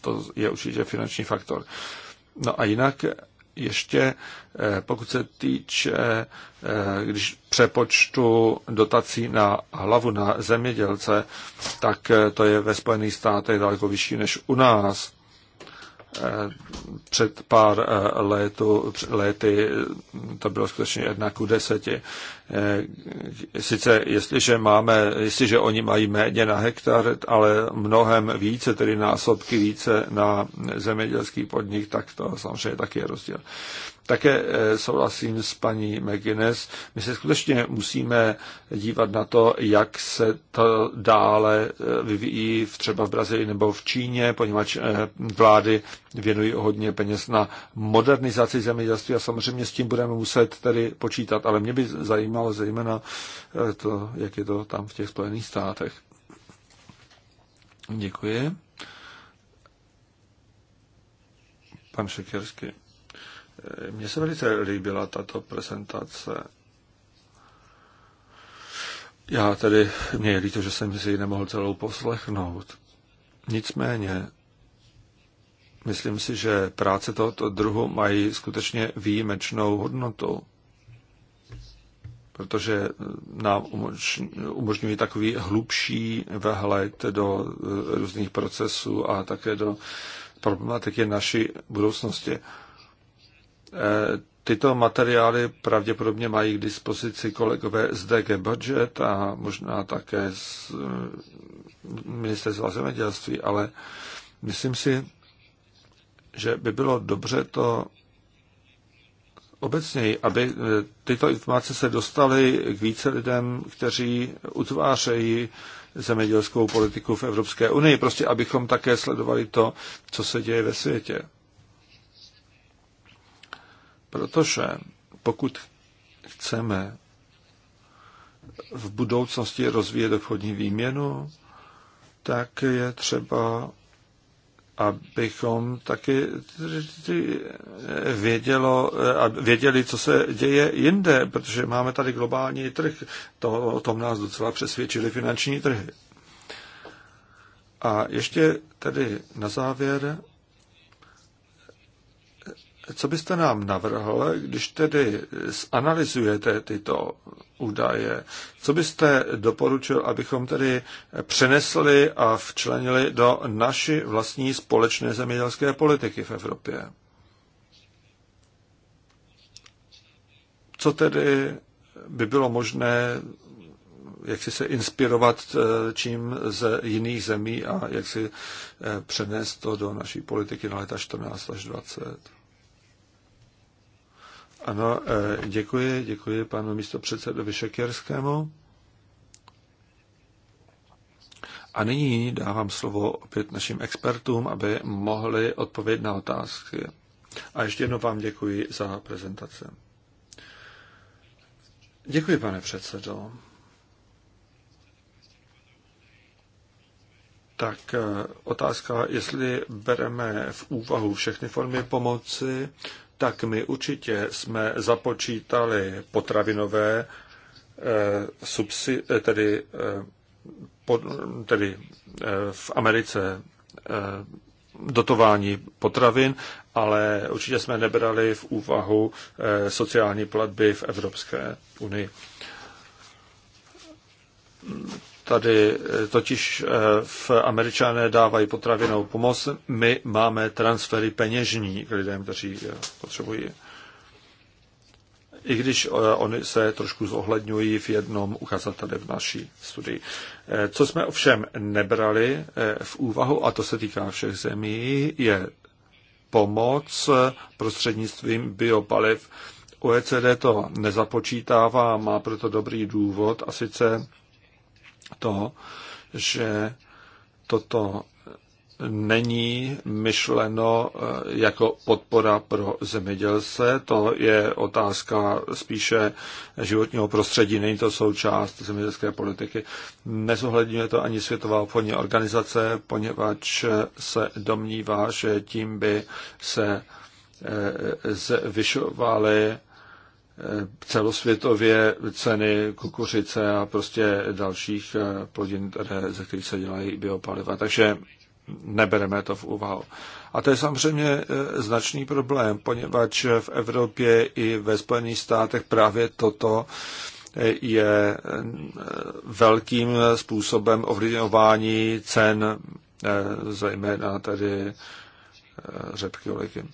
to je určitě finanční faktor. No a jinak ještě, eh, pokud se týče, když přepočtu dotací na hlavu na zemědělce, tak to je ve Spojených státech daleko vyšší než u nás. Eh, před pár eh, létu, léty to bylo skutečně jedna ku deseti. Eh, sice jestliže máme, jestliže oni mají méně na hektar, ale mnohem více, tedy násobky více na zemědělský podnik, tak to samozřejmě taky je rozdíl. Také eh, souhlasím s paní McGuinness. My se skutečně musíme dívat na to, jak se to dále eh, vyvíjí v třeba v Brazílii nebo v Číně, poněvadž vlády věnují hodně peněz na modernizaci zemědělství a samozřejmě s tím budeme muset tedy počítat. Ale mě by zajímalo, zajímalo zejména eh, to, jak je to tam v těch Spojených státech. Děkuji. Pan Šekersky. Eh, mně se velice líbila tato prezentace. Já tedy, mě je líto, že jsem si ji nemohl celou poslechnout. Nicméně, myslím si, že práce tohoto druhu mají skutečně výjimečnou hodnotu protože eh, nám umožňují takový hlubší vehled do eh, různých procesů a také do problematiky naší budoucnosti. Eh, tyto materiály pravděpodobně mají k dispozici kolegové z DG Budget a možná také z ministerstva zemědělství, ale myslím si, že by bylo dobře to obecněji, aby e, tyto informace se dostaly k více lidem, kteří utvářejí zemědělskou politiku v Evropské unii, prostě abychom také sledovali to, co se děje ve světě. Protože pokud chceme v budoucnosti rozvíjet obchodní výměnu, tak je třeba abychom taky vědělo, věděli, co se děje jinde, protože máme tady globální trh. To, o tom nás docela přesvědčili finanční trhy. A ještě tedy na závěr co byste nám navrhl, když tedy zanalizujete tyto údaje, co byste doporučil, abychom tedy přenesli a včlenili do naší vlastní společné zemědělské politiky v Evropě? Co tedy by bylo možné, jak si se inspirovat eh, čím z jiných zemí a jak si eh, přenést to do naší politiky na leta 14 až 20? Ano, e, děkuji, děkuji panu místopředsedovi Šekerskému. A nyní dávám slovo opět našim expertům, aby mohli odpovědět na otázky. A ještě jednou vám děkuji za prezentaci. Děkuji, pane předsedo. Tak e, otázka, jestli bereme v úvahu všechny formy pomoci, tak my určitě jsme započítali potravinové eh, subsi, eh, tedy, eh, tedy v Americe dotování potravin, ale určitě jsme nebrali v úvahu sociální platby v Evropské unii. Tady eh, totiž eh, v američané dávají potravinou pomoc, my máme transfery peněžní k lidem, kteří eh, potřebují. I když oni se trošku zohledňují v jednom ukazateli v naší studii. Co jsme ovšem nebrali v úvahu, a to se týká všech zemí, je pomoc prostřednictvím biopaliv. OECD to nezapočítává, má proto dobrý důvod a sice to, že toto není myšleno eh, jako podpora pro zemědělce. To je otázka spíše životního prostředí, není to součást zemědělské politiky. Nezohledňuje to ani Světová obchodní organizace, poněvadž se domnívá, že tím by se eh, zvyšovaly Eh, celosvětově ceny kukuřice a prostě dalších eh, plodin, které, ze kterých se dělají biopaliva. Takže nebereme to v úvahu. A to je samozřejmě eh, značný problém, poněvadž v Evropě i ve Spojených státech právě toto je velkým způsobem ovlivňování cen, zejména tedy řepky oliky.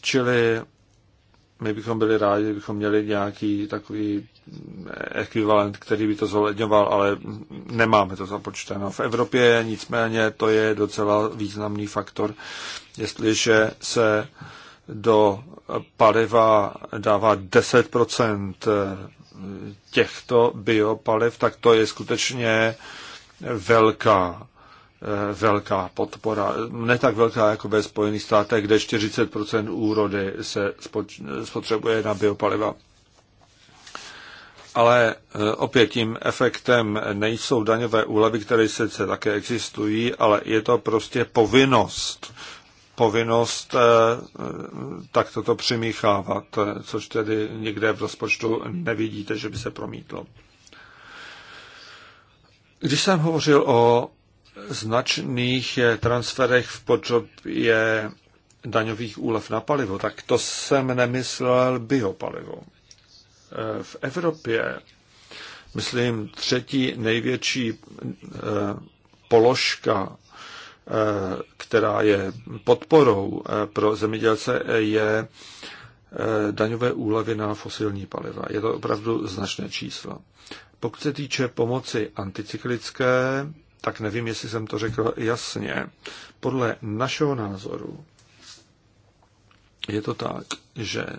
Čili my bychom byli rádi, kdybychom měli nějaký takový ekvivalent, který by to zohledňoval, ale nemáme to započteno. V Evropě nicméně to je docela významný faktor, jestliže se do paliva dává 10% těchto biopaliv, tak to je skutečně velká Eh, velká podpora. Ne tak velká jako ve Spojených státech, kde 40 úrody se spotřebuje na biopaliva. Ale eh, opět tím efektem nejsou daňové úlevy, které sice také existují, ale je to prostě povinnost. Povinnost eh, tak toto přimíchávat, což tedy někde v rozpočtu nevidíte, že by se promítlo. Když jsem hovořil o značných eh, transferech v podobě daňových úlev na palivo, tak to jsem nemyslel biopalivo. Eh, v Evropě, myslím, třetí největší eh, položka, která je podporou pro zemědělce, je daňové úlevy na fosilní paliva. Je to opravdu značné číslo. Pokud se týče pomoci anticyklické, tak nevím, jestli jsem to řekl jasně. Podle našeho názoru je to tak, že eh,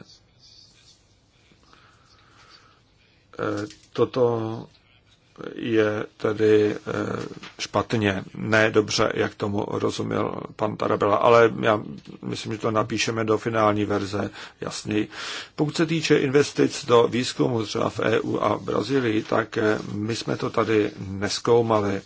toto je tedy eh, špatně, ne dobře, jak tomu rozuměl pan Tarabela, ale já myslím, že to napíšeme do finální verze jasněji. Pokud se týče investic do výzkumu třeba v EU a Brazílii, tak eh, my jsme to tady neskoumali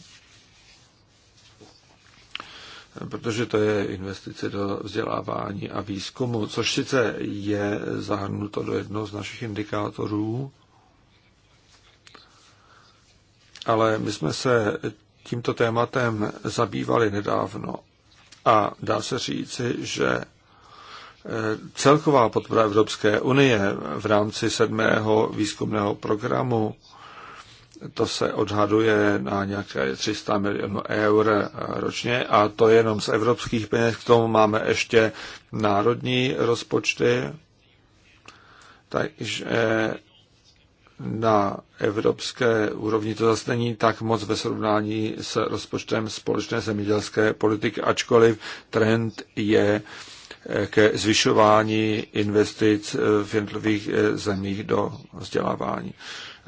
protože to je investice do vzdělávání a výzkumu, což sice je zahrnuto do jednoho z našich indikátorů, ale my jsme se tímto tématem zabývali nedávno a dá se říci, že eh, celková podpora Evropské unie v rámci sedmého výzkumného programu to se odhaduje na nějaké 300 milionů eur ročně a to jenom z evropských peněz. K tomu máme ještě národní rozpočty. Takže na evropské úrovni to zase není tak moc ve srovnání s rozpočtem společné zemědělské politiky, ačkoliv trend je ke zvyšování investic v jednotlivých zemích do vzdělávání.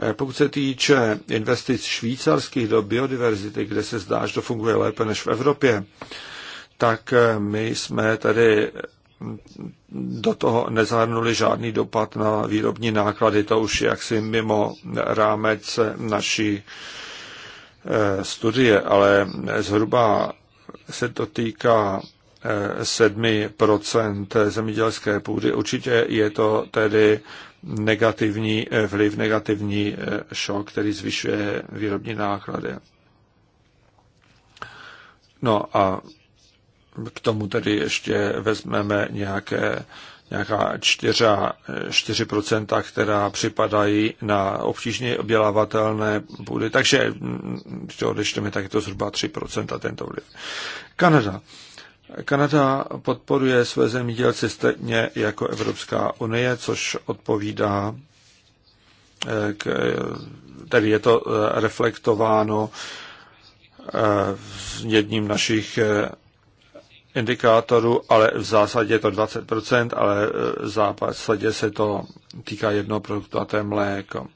Eh, pokud se týče investic švýcarských do biodiverzity, kde se zdá, že to funguje lépe než v Evropě, tak eh, my jsme tady hm, do toho nezahrnuli žádný dopad na výrobní náklady. To už je, jaksi mimo rámec naší eh, studie, ale zhruba se to týká 7% zemědělské půdy. Určitě je to tedy negativní vliv, negativní eh, šok, který zvyšuje výrobní náklady. No a k tomu tedy ještě vezmeme nějaké, nějaká 4, 4%, eh, která připadají na obtížně obdělávatelné půdy. Takže mm, když to odečteme, tak je to zhruba 3% tento vliv. Kanada. Kanada podporuje své zemědělce stejně jako Evropská unie, což odpovídá eh, k, tedy je to eh, reflektováno eh, jedním našich indikátorů, ale v zásadě je to 20%, ale v zásadě se to týká jednoho produktu a to je mléko.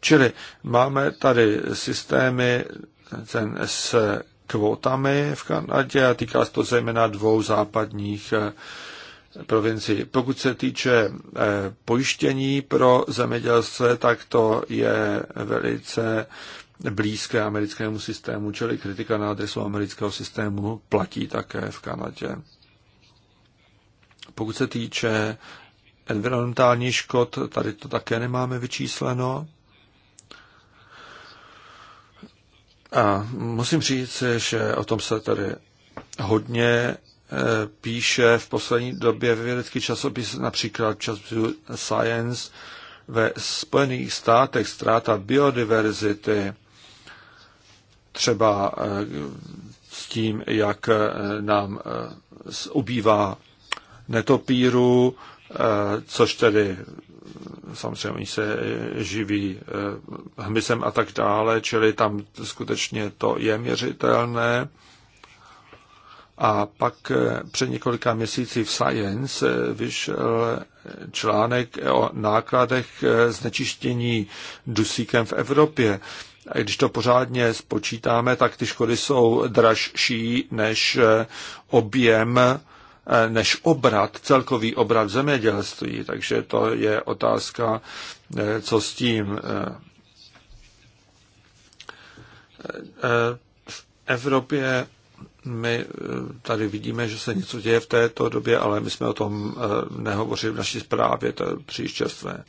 Čili máme tady systémy ten s kvótami v Kanadě a týká se to zejména dvou západních eh, provincií. Pokud se týče eh, pojištění pro zemědělce, tak to je velice blízké americkému systému, čili kritika na adresu amerického systému platí také v Kanadě. Pokud se týče environmentální škod, tady to také nemáme vyčísleno. A musím říct, že o tom se tady hodně eh, píše v poslední době ve vědeckých časopis, například časopisu Science, ve Spojených státech ztráta biodiverzity, třeba eh, s tím, jak eh, nám ubývá netopíru, což tedy samozřejmě oni se eh, živí eh, hmyzem a tak dále, čili tam skutečně to je měřitelné. A pak eh, před několika měsíci v Science vyšel článek o nákladech znečištění dusíkem v Evropě. A když to pořádně spočítáme, tak ty škody jsou dražší než objem než obrat, celkový obrat v zemědělství. Takže to je otázka, eh, co s tím. Eh, eh, v Evropě my tady vidíme, že se něco děje v této době, ale my jsme o tom nehovořili v naší zprávě, to je příliš čerstvé.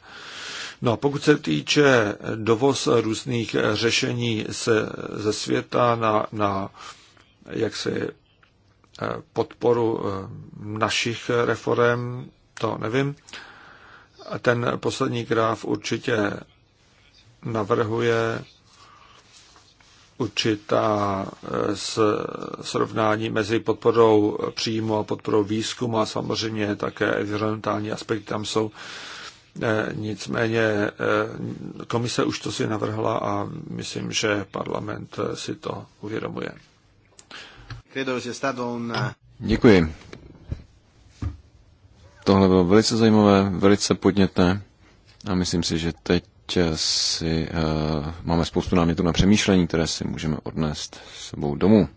No, pokud se týče dovoz různých řešení se, ze světa na, na se Eh, podporu eh, našich reform, to nevím. Ten poslední graf určitě navrhuje určitá eh, srovnání mezi podporou příjmu a podporou výzkumu a samozřejmě také environmentální aspekty tam jsou. Nicméně komise už to si navrhla a myslím, že parlament si to uvědomuje.
Eh, Děkuji. Tohle bylo velice zajímavé, velice podnětné a myslím si, že teď eh, si uh, máme spoustu námětů na přemýšlení, které si můžeme odnést s sebou domů.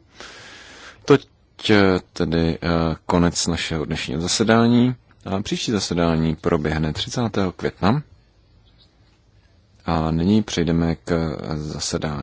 Toť uh, tedy uh, konec našeho dnešního zasedání a příští zasedání proběhne 30. května a nyní přejdeme k zasedání.